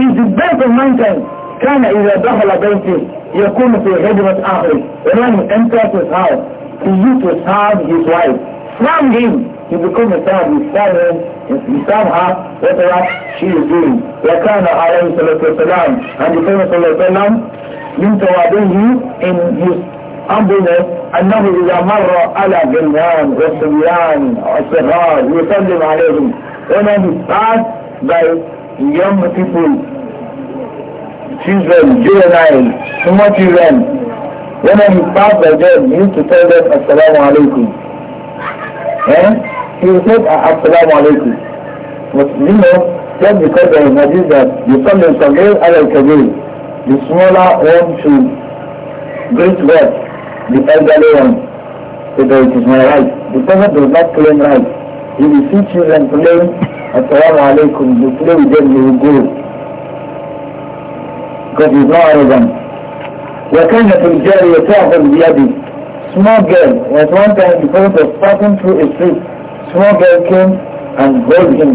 is the best of mankind كان إذا دخل بيتي يكون في خدمة آخر when he enters his house he used to serve his wife from him he become a servant he serve him he serve her whatever she is doing وكان عليه الصلاة والسلام and the Prophet صلى الله عليه وسلم من تواضعه in his humbleness أنه إذا مر على جنان والصبيان والصغار يسلم عليهم when he passed by young people children, juveniles, small children. When he passed by them, he to tell them, Assalamu alaikum. Eh? He said, ah, Assalamu alaikum. But you know, just because there is that you saw the Kabir, Allah Kabir, the smaller one to great God, the elderly one, so that it is my right. The Prophet does not claim right. He you see children playing, Assalamu He you play with them, He will go. Because he's not قد ضاربا وكانت الجارية تعظم بيدي small girl was one time because of passing through a street small girl came and grabbed him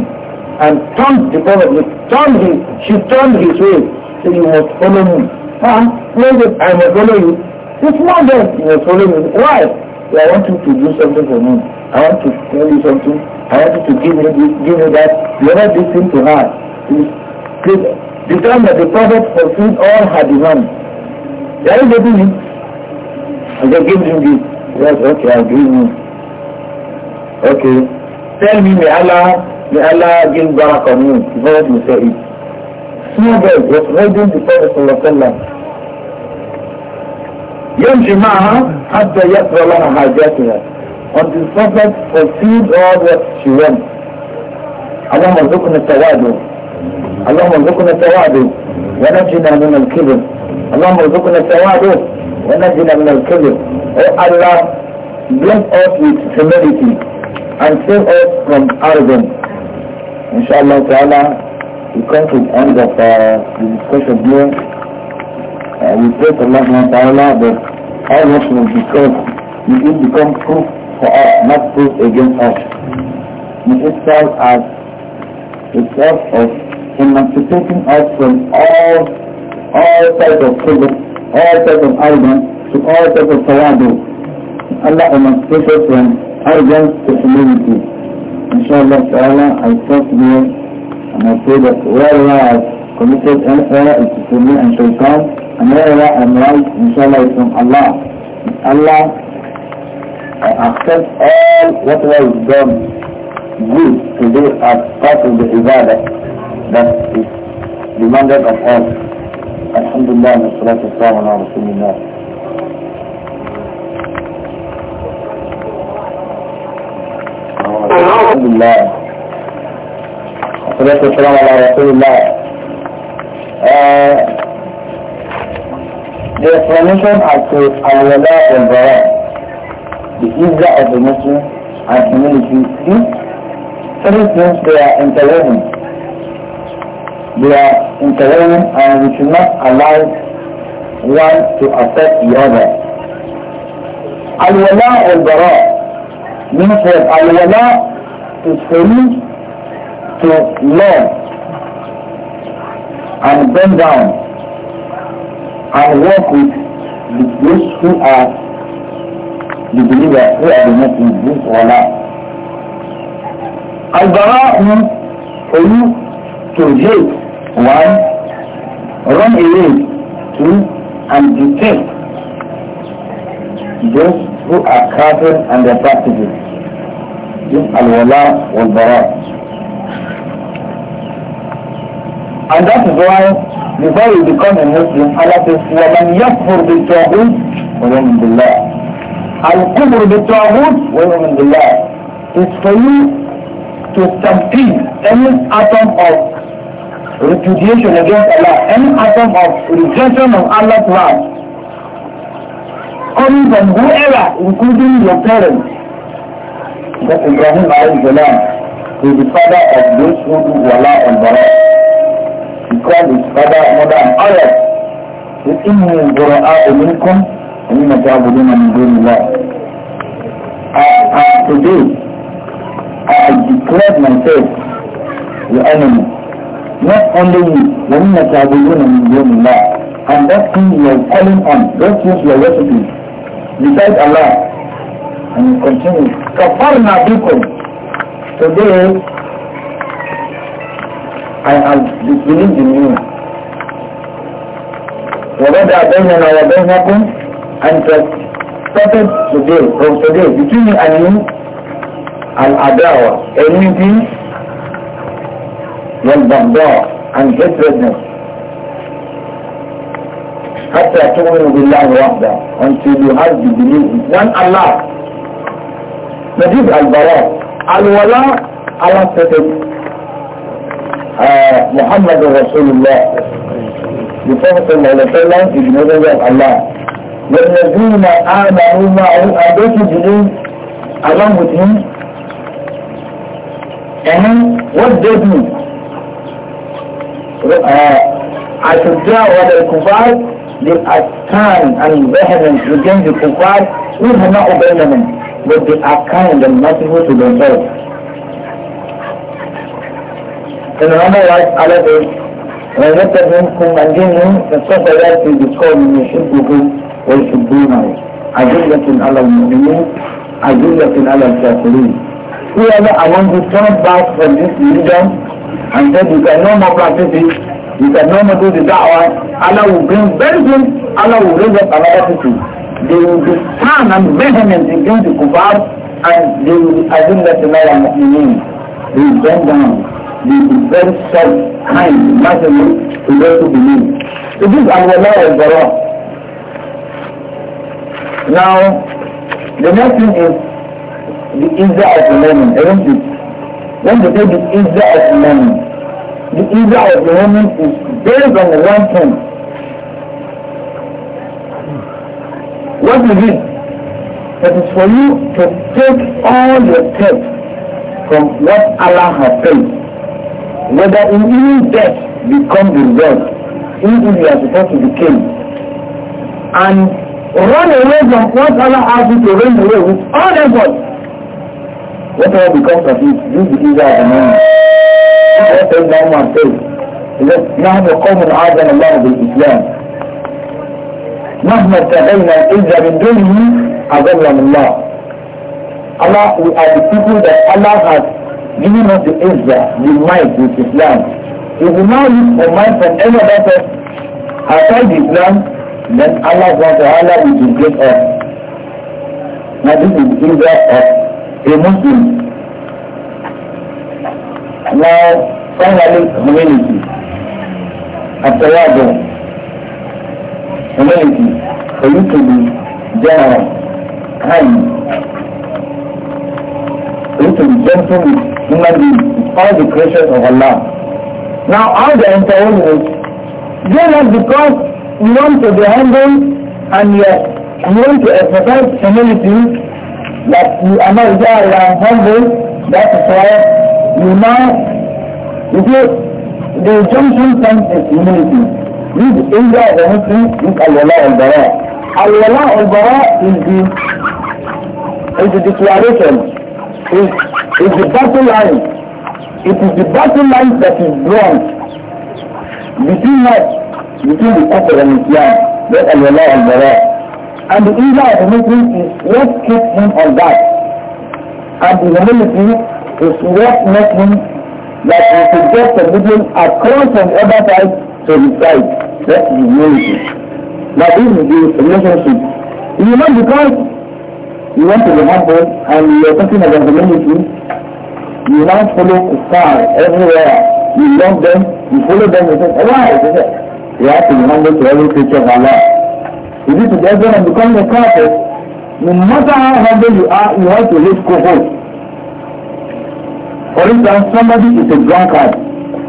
and turned the prophet turned his, she turned his way so you must follow me huh? Ah, Lady, I must follow you this small girl you must follow me why I want you to do something for me I want to tell you something I want you to give me this give me that you know this thing to her please please the time that the Prophet fulfilled all her demands. That is the doing. And they gave him this. Yes, okay, I'll give you. Okay. Tell me, may Allah, may Allah give back on you. The Prophet will say it. Small girl was holding the Prophet sallallahu alaihi wasallam. يمشي معها حتى يقضى لها حاجاتها until Prophet fulfilled all what she wants. اللهم ارزقنا التواضع اللهم ارزقنا التواضع ونجنا من الكبر اللهم ارزقنا التواضع ونجنا من الكبر Oh Allah bless us with humility and save us from arrogance inshallah ta'ala we come to the end of uh, the discussion here uh, we pray to Allah ta'ala that all what we discuss will become proof for us not proof against us may it serve as a source of in protecting us from all all types of privilege, all types of arrogance, to all types of tawadu. Allah emancipates us from arrogance to humility. Inshallah ta'ala, I trust you and I say that wherever I committed any error, it is from me and shaitan, and wherever I am right, inshallah, it's from Allah. Allah I accept all whatever is done good today as part of the ibadah. that is demanded of us. Alhamdulillah, and salatu wassalam ala Rasulullah. Alhamdulillah. Salatu wassalam ala Rasulullah. Uh, the explanation as to al-wala and bara the Isra of the Muslim and community, these three things they are interwoven. they are interwoven and we should not allow one to affect the other. Al-Wala al-Bara means that Al-Wala is free to learn and bend down and work with those who are the believers, who are the Muslims, this Wala. Al-Bara means for you to hate One, run away. Two, and detect those who are kafir and their practices. This al-wala wal-bara. And that is why before you become a Muslim, Allah says, وَمَنْ يَكْفُرْ بِالْتَوْحِيدِ وَيُؤْمِنْ بِاللَّهِ الْكُفْرُ بِالتَّوْحِيدِ وَيُؤْمِنْ بِاللَّهِ It's for you to stampede any atom of repudiation against Allah, any atom of rejection of Allah's word, coming from whoever, including your parents, that Ibrahim salam is the father of those who do Allah and Barak. He called his father, mother, and others. وإني براء منكم ومما تعبدون من to الله. I, I, today, I declared myself the enemy not only you, وَإِنَّ تَعْبُدُونَ مِنْ دُونِ Allah, And that thing you are calling on, those things you are worshiping, besides Allah. And you he continues, كَفَرْنَا بِكُمْ Today, I have disbelieved in you. وَبَدَعَ بَيْنَنَا وَبَيْنَكُمْ And it started today, from today, between me and you, al-adawa, enmity, والبغضاء عن hatredness حتى تؤمنوا بالله وحده until you have to believe in one Allah نجيب البراء الولاء على سيد محمد رسول الله بفضل صلى الله عليه وسلم في جنوب الله والذين آمنوا معه أبيت جنوب along with him and أشجاء ولا الكفار للأسكان البهن لجنب الكفار يهنأ بينهم وبأكان لما تفوت بالصوت إن أنا على ذلك ويذكر منكم من جنهم فسوف يأتي بقوم يحبه ويحبونه أذلة على المؤمنين أذلة على الكافرين. We are the among who turn back from this religion and then you can no more practice it, you can no more do the da'wah, Allah will bring vengeance. Allah will raise up another people. They will be firm and vehement against the kuffar and they will assume that they are mu'mineen. They will bend down. They will be very soft, kind, merciful to those who believe. So this is Allah and Bara. Now, the next thing is the Izzah of the learning, isn't it? When they say the Israel of money, the Israel of the woman is based on one thing. What is it? That is for you to take all your steps from what Allah has said, whether in any death become the result, even you are supposed to be king, and run away from what Allah has you to run away with all efforts. Whatever becomes of it, you the evil of the man. What does no man say? نحن قوم عادنا الله بالإسلام مهما اتبعنا الإذن من دونه أضلنا الله Allah, we are the people that Allah has given us the Izzah, the might with Islam. If we now use our mind from any other person outside Islam, then Allah subhanahu wa ta'ala will degrade us. Now this is the Izzah of a Muslim now finally humanity after Yabo humanity for you to be generous kind for you gentle human beings all the creatures of Allah now how they interact with generous because you want to be humble and yet you want to exercise humility that you are not there and humble, that is why you now, you see, the junction comes is humility. This area of humility is Al-Wala al Al-Wala is the, is the declaration, is, is the battle line. It is the battle line that is drawn between us, between the Prophet and Islam, that Al-Wala al-Bara. And the evil of the military is what kept him on that. And the military is what made him that he could get the Muslim across from other side to his side. That's the humility. That is the relationship. You know, because you went to be humble and you are talking about the military, you now follow kuffar everywhere. You love them, you follow them, you say, why? They say, you have to be humble to every creature of Allah. Is it that when I'm becoming a prophet, no matter how humble you are, you have to live cohort. For instance, somebody is a drunkard.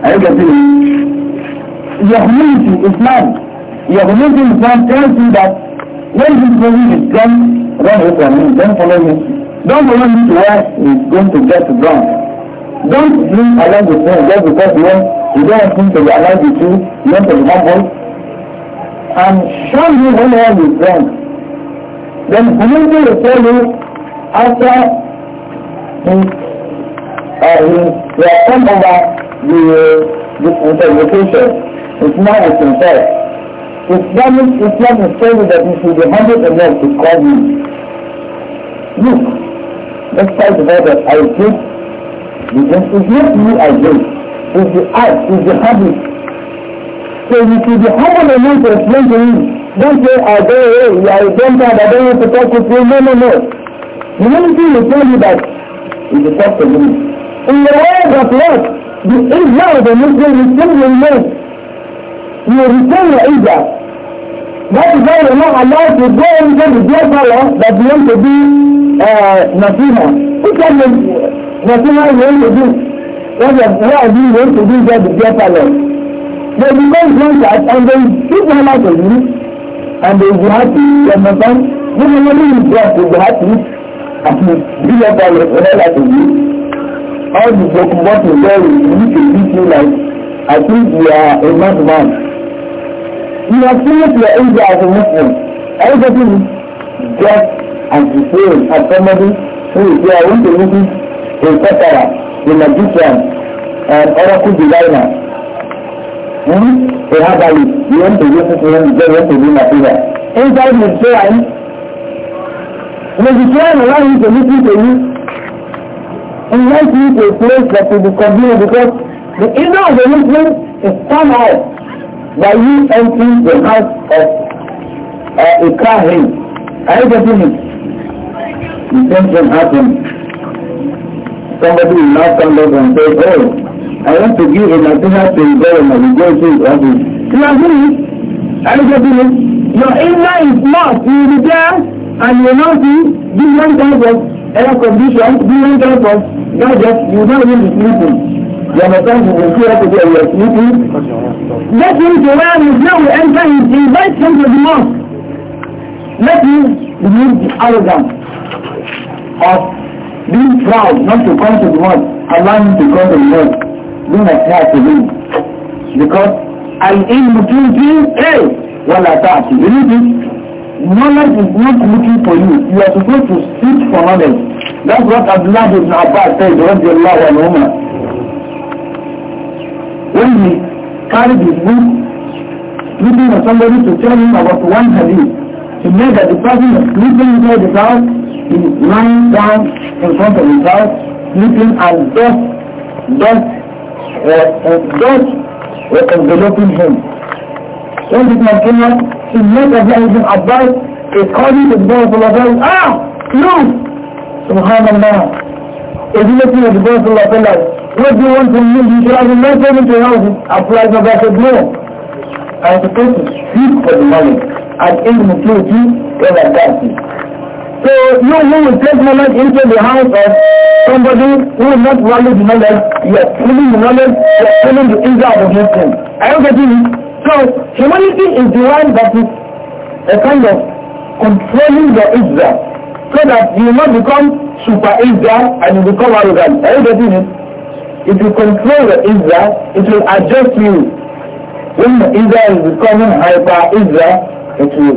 Are you getting it? Your humility, Islam, your is Islam tells you that when this person is drunk, run away from him, don't follow him. Don't follow him to where he's going to get drunk. Don't drink along with him just because you want, you don't want him to be alive with you, you want to be humble, and show you where all is wrong. Then Burundi will tell you after his, uh, his, he has come over the, the interpretation. It's now with himself. Islamic Islam is telling that you should be humble enough to call me. Look, let's talk about that. I did. Because it's not me I did. It's the act, it's the habit So you should be humble enough to explain to him. Don't say, I go away, I don't have, I don't want to talk with you. No, no, no. Humanity will tell you that is the talk to me. In the world of what? The Israel of the Muslim will still remain. You will return your That is why you're not allowed to go into the dear that want to be uh, Nasima. Which one is Nasima want to do? What are you going to do there, the dear They become go beyond and they will keep my life on you. And they will be happy, you understand? You will only impress, they will be happy. At least, be your father, whatever that will be. All the broken bottle there will need to teach you like, I think you are a mad man. You have finished your age as a Muslim. Everything just as the same as somebody who is there, who is a Muslim, a Qatara, a Magician, an oracle diviner. Hmm? eh haka ne yan da yi musu yan da yan da yi na fiya in sai mu ce ai ne ji ce na wani da mutu ke yi in like it a place that will be convenient because the inner of the Muslim is somehow by you entering the house of uh, a Ibrahim. Are you getting it? The same thing happened somebody will now stand up and say, oh, I want to give a material to the government, we go to his office. You are doing it. Are you getting it? Your inner is not. You will be there and you will not see different types of air conditions, different types of gadgets. You will not even be sleeping. You understand? You will see up there, you are sleeping. Get him to where he now we enter, he invites him to the mosque. Let him remove the arrogance of being proud not to come to the mosque, allowing to come to the mosque, do not try to do. Because I al-ilmu tuti, hey, wala ta'ati. You need it? Knowledge is not looking for you. You are supposed to seek for knowledge. That's what Abdullah ibn Abbas said, radiallahu anhu. When he carried his book, looking for somebody to tell him about one hadith, he made that the person was sleeping inside the house, is lying down in front of his house, sleeping and death, death, uh, uh, death were enveloping him. When this man came out, he met Abdullah ibn Abbas, he called him to the Prophet Ah! No! Subhanallah. He you look at the Prophet ﷺ, what do you want from me? You should have no payment into your house. Abdullah ibn Abbas said, no. I am supposed to speak for the money. And in maturity, then I can't So you who will take knowledge into the house of somebody who is not valid knowledge, you are the knowledge, you are stealing the injury of the him. Are you getting it? So humanity is the one that is a kind of controlling the Israel so that you will not become super Israel and you become arrogant. Are you getting it? If you control the Israel, it will adjust you. When the Israel is becoming hyper Israel, it will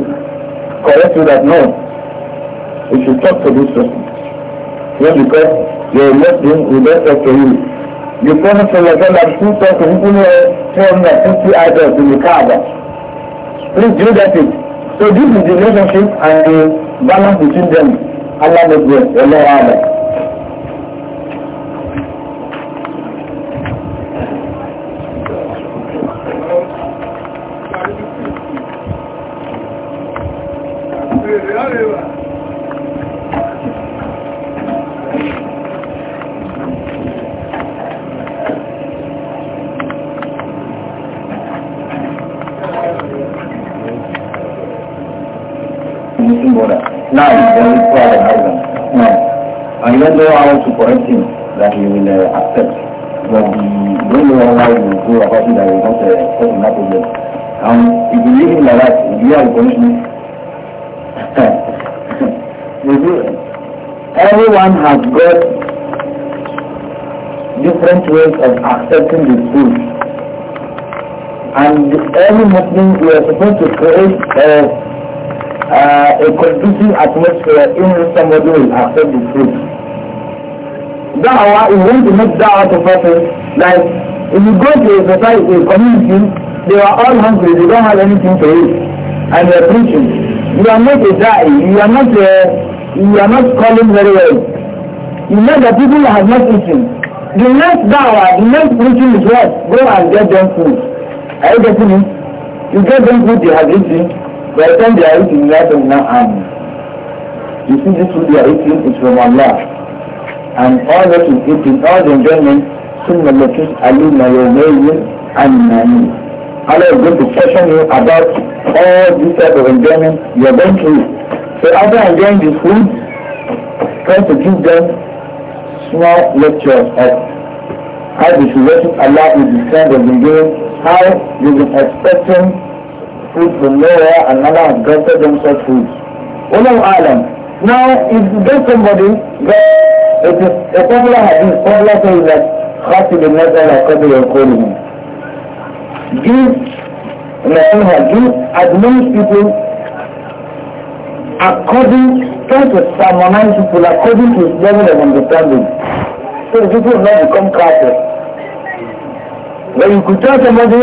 correct you that no, you should talk to this person. Not because you're a Muslim, you don't talk to him. The Prophet Sallallahu who talked to people who that 250 idols in the Kaaba. Please do that thing. So this is the relationship and the balance between them. Allah knows best. Allah Allah. Hallelujah. border. Now he's very proud of Isaac. Now, I don't know how to correct him that he will uh, accept. But he don't know how he will go about it that will not uh, cause him that problem. And if you leave him like that, you are a punishment. Everyone has got different ways of accepting the truth. And every Muslim, we are supposed to create a uh, Uh, a conducive atmosphere in which somebody will accept the truth. Da'wah, you want to make da'wah to person, like if you go to a society, a community, they are all hungry, they don't have anything to eat, and they are preaching. You are not a da'i, you are not a, you are not calling very well. You know that people have not eaten. The next da'wah, the next preaching is what? Go and get them food. Are you getting it? You get them food they have eaten. By the time they are eating, they are doing now and you see this food they are eating is from Allah. And all that you eat is all the enjoyment, Sunnah Latif Ali Mayomayin and Nani. Allah is going to question you about all this type of enjoyment you are going through. So after enjoying this food, try to give them small lectures of how they should worship Allah with the strength of the game, how you should expect Him food will lower another has themselves them such food. Wallahu alam. Now, if you get somebody, get, it is a popular hadith, popular saying that خاطب الناس على قدر يقولهم. Give, in the same hadith, as many people according, try to sermonize people according to his level of understanding. So people will not become crafted. When you could tell somebody,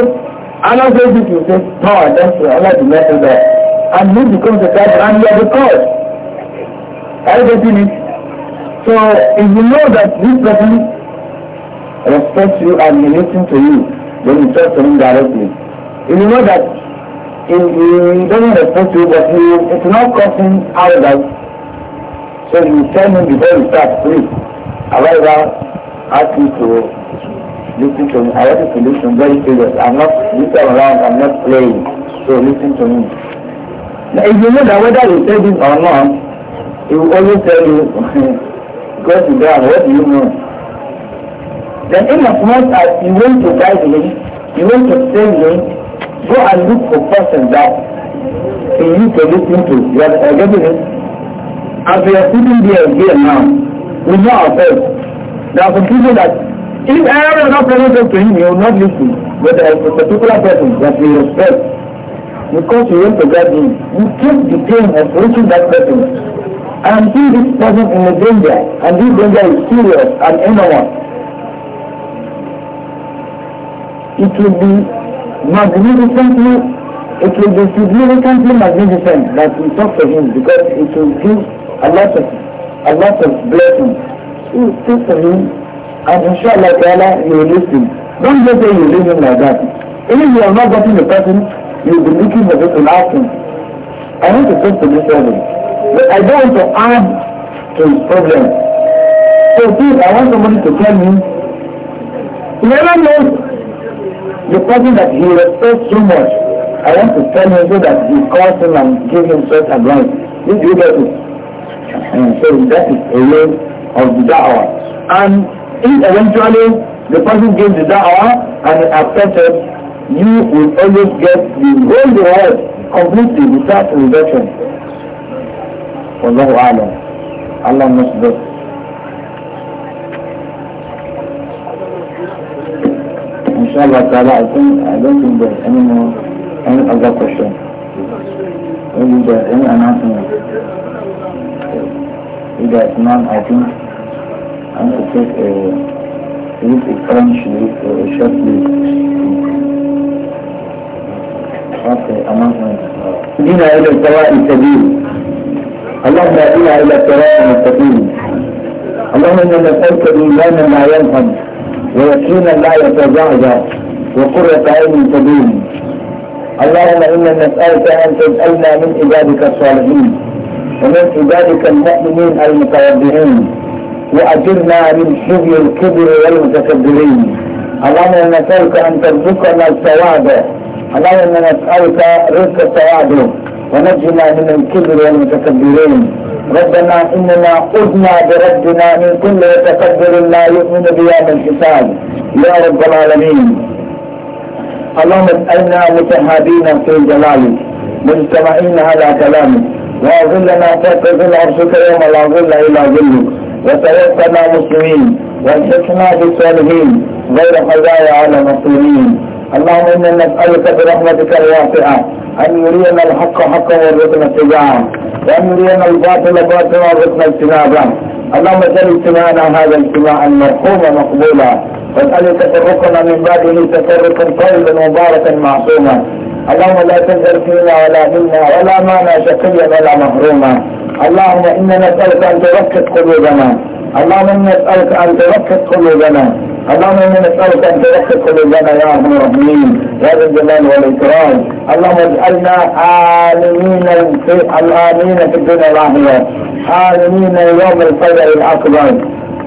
Another way to say power, that's why Allah And he becomes a type and he has a cause. Are you So if you know that this person respects you and he listens to you, then you talk to him directly. If you know that he, he doesn't respect you, but he, it's not causing arrogance, so you tell him before you start, please, arrival, ask you to listen to me. I want you to listen very serious. I'm not, you around, I'm not playing. So listen to me. Now if you know that whether you say this or not, it will always tell you, go to God, what do you know? Then in as much as you want to guide me, you want to save me, go and look for person that he need to listen to. You are, are getting it? As we are sitting there again now, we know ourselves. There are some people that If Arab is not presented to him, he will not listen. But as a particular person that we respect, because you want to guide him, you keep the pain of reaching that person. And see this person in a danger, and this danger is serious and enormous. It will be magnificently, it will be significantly magnificent that we talk to him because it will give a lot of, a lot of blessings. So, take to him and inshallah ta'ala you will listen. Don't just say you leave like that. Even if you are not getting the person, you will be looking for this and asking. I want to talk to this person. But I don't want to add to his problem. So please, I want somebody to tell me, whoever knows the person that he respects so much, I want to tell him so that he calls him and gives him such advice. Did you get it? And so that is a way of the da'wah. And if eventually the person gives the da'wah and is accepted, you will always get the whole world completely without rejection. Wallahu alam. Allah knows best. Inshallah ta'ala, I think I don't think there's any more any other question. Maybe there's any announcement. If there's none, I think أنا قلت شريط الكلام شريط شكلي دينا إلى السواء السبيل اللهم أدنا إلى الصراط المستقيم اللهم إنا نسألك إيمانا لا ينفد ويقينا لا يتزعزع وقرة عين سبيل اللهم إنا نسألك أن تجعلنا من عبادك الصالحين ومن عبادك المؤمنين المتواضعين وأجرنا من حمي الكبر والمتكبرين اللهم إنا نسألك أن ترزقنا الثواب اللهم إنا نسألك رزق الثواب ونجنا من الكبر والمتكبرين ربنا إننا عدنا بربنا من كل متكبر لا يؤمن بيوم الحساب يا رب العالمين اللهم اسألنا متهابين في جلالك مجتمعين على كلامك واظلنا فوق عرشك يوم لا ظل إلا ظلك وتوفنا مسلمين والحسنى بالصالحين غير خزايا على مسلمين اللهم انا نسألك برحمتك الواسعة أن يرينا الحق حقا وارزقنا اتباعه وأن يرينا الباطل باطلا وارزقنا اجتنابه اللهم اجعل اجتماعنا هذا اجتماعا مرحوما مقبولا واسألك تفرقنا من بعده تفرقا طيبا مباركا معصوما اللهم لا تجعل فينا ولا منا ولا معنا شقيا ولا محروما اللهم إنا نسألك أن تركز قلوبنا اللهم إنا نسألك أن تركز قلوبنا اللهم إنا نسألك أن تركز قلوبنا يا أرحم الراحمين يا ذا الجلال والإكرام اللهم اجعلنا عالمين في الامين في الدنيا الآخرة عالمين يوم الفجر الأكبر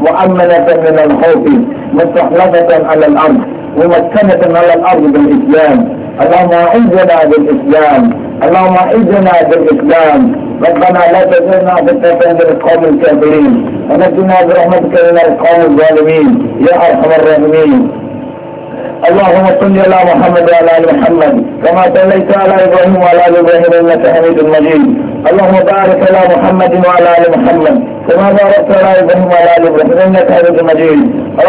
مؤمنة من الخوف مستحلفة على الأرض ممكنة على الأرض بالإسلام اللهم اعزنا بالاسلام اللهم اعزنا بالاسلام ربنا لا تزلنا بالفتن للقوم الكافرين ونجنا برحمتك من القوم الظالمين يا ارحم الراحمين اللهم صل على محمد وعلى ال محمد كما صليت على ابراهيم وعلى ال ابراهيم انك حميد مجيد اللهم بارك على محمد وعلى ال محمد كما باركت على ابراهيم وعلى ال ابراهيم انك حميد مجيد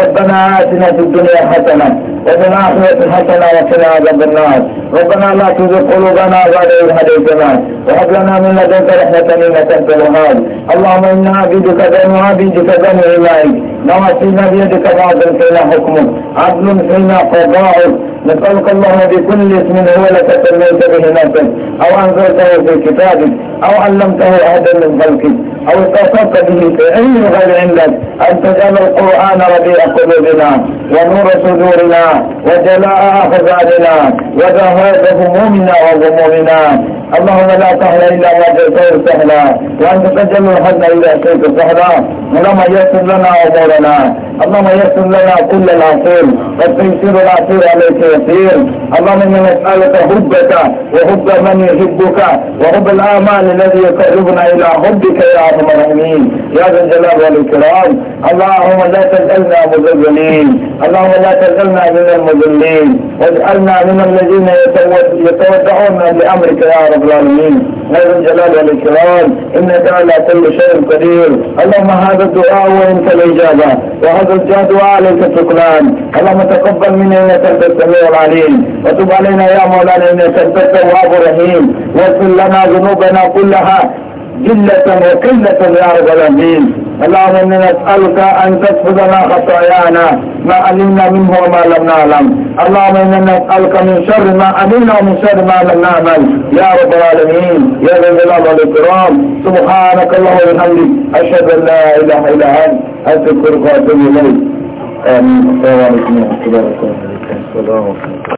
ربنا اتنا في الدنيا حسنه وقنا عافية الحسنة وقنا عذاب النار ربنا لا تزغ قلوبنا بعد إذ هديتنا وهب لنا من لدنك رحمة إنك أنت الوهاب اللهم إنا عبيدك بنو عبيدك بنو إلهك نواصينا بيدك بعض فينا حكمك عدل فينا قضاءك نسألك اللهم بكل اسم هو لك سميت به نفسك أو أنزلته في كتابك أو علمته أحدا من خلقك أو اتصلت به في علم غير عندك أن تجعل القرآن ربيع قلوبنا ونور صدورنا وجلاء أخذالنا وذهاب همومنا وغمومنا اللهم لا سهل إلا ما جزاه سهلا وأنت تجل الحزن إلى شيك سهلا اللهم يسر لنا أمورنا اللهم يسر لنا كل العصير والتيسير العصير عليك يسير اللهم إنا نسألك حبك وحب من يحبك وحب الامان الذي يقربنا إلى حبك يا أرحم الراحمين يا ذا الجلال والإكرام اللهم لا تجعلنا مذللين اللهم لا تجعلنا من من المضلين واجعلنا من الذين يتودعون لأمرك يا رب العالمين هذا الجلال والإكرام إنك على كل شيء قدير اللهم هذا الدعاء وإنت الإجابة وهذا الجهد عليك الشكران اللهم تقبل منا إنك أنت السميع العليم وتب علينا يا مولانا إنك أنت التواب الرحيم واغفر لنا ذنوبنا كلها جلة وقلة يا رب العالمين اللهم إنا نسألك أن تسفد لنا خطايانا ما علمنا منه وما لم نعلم اللهم إنا نسألك من شر ما علمنا ومن شر ما لم نعمل يا رب العالمين يا ذا الجلال والإكرام سبحانك اللهم وبحمدك أشهد أن لا إله إلا أنت أستغفرك وأتوب إليك آمين السلام عليكم ورحمة الله وبركاته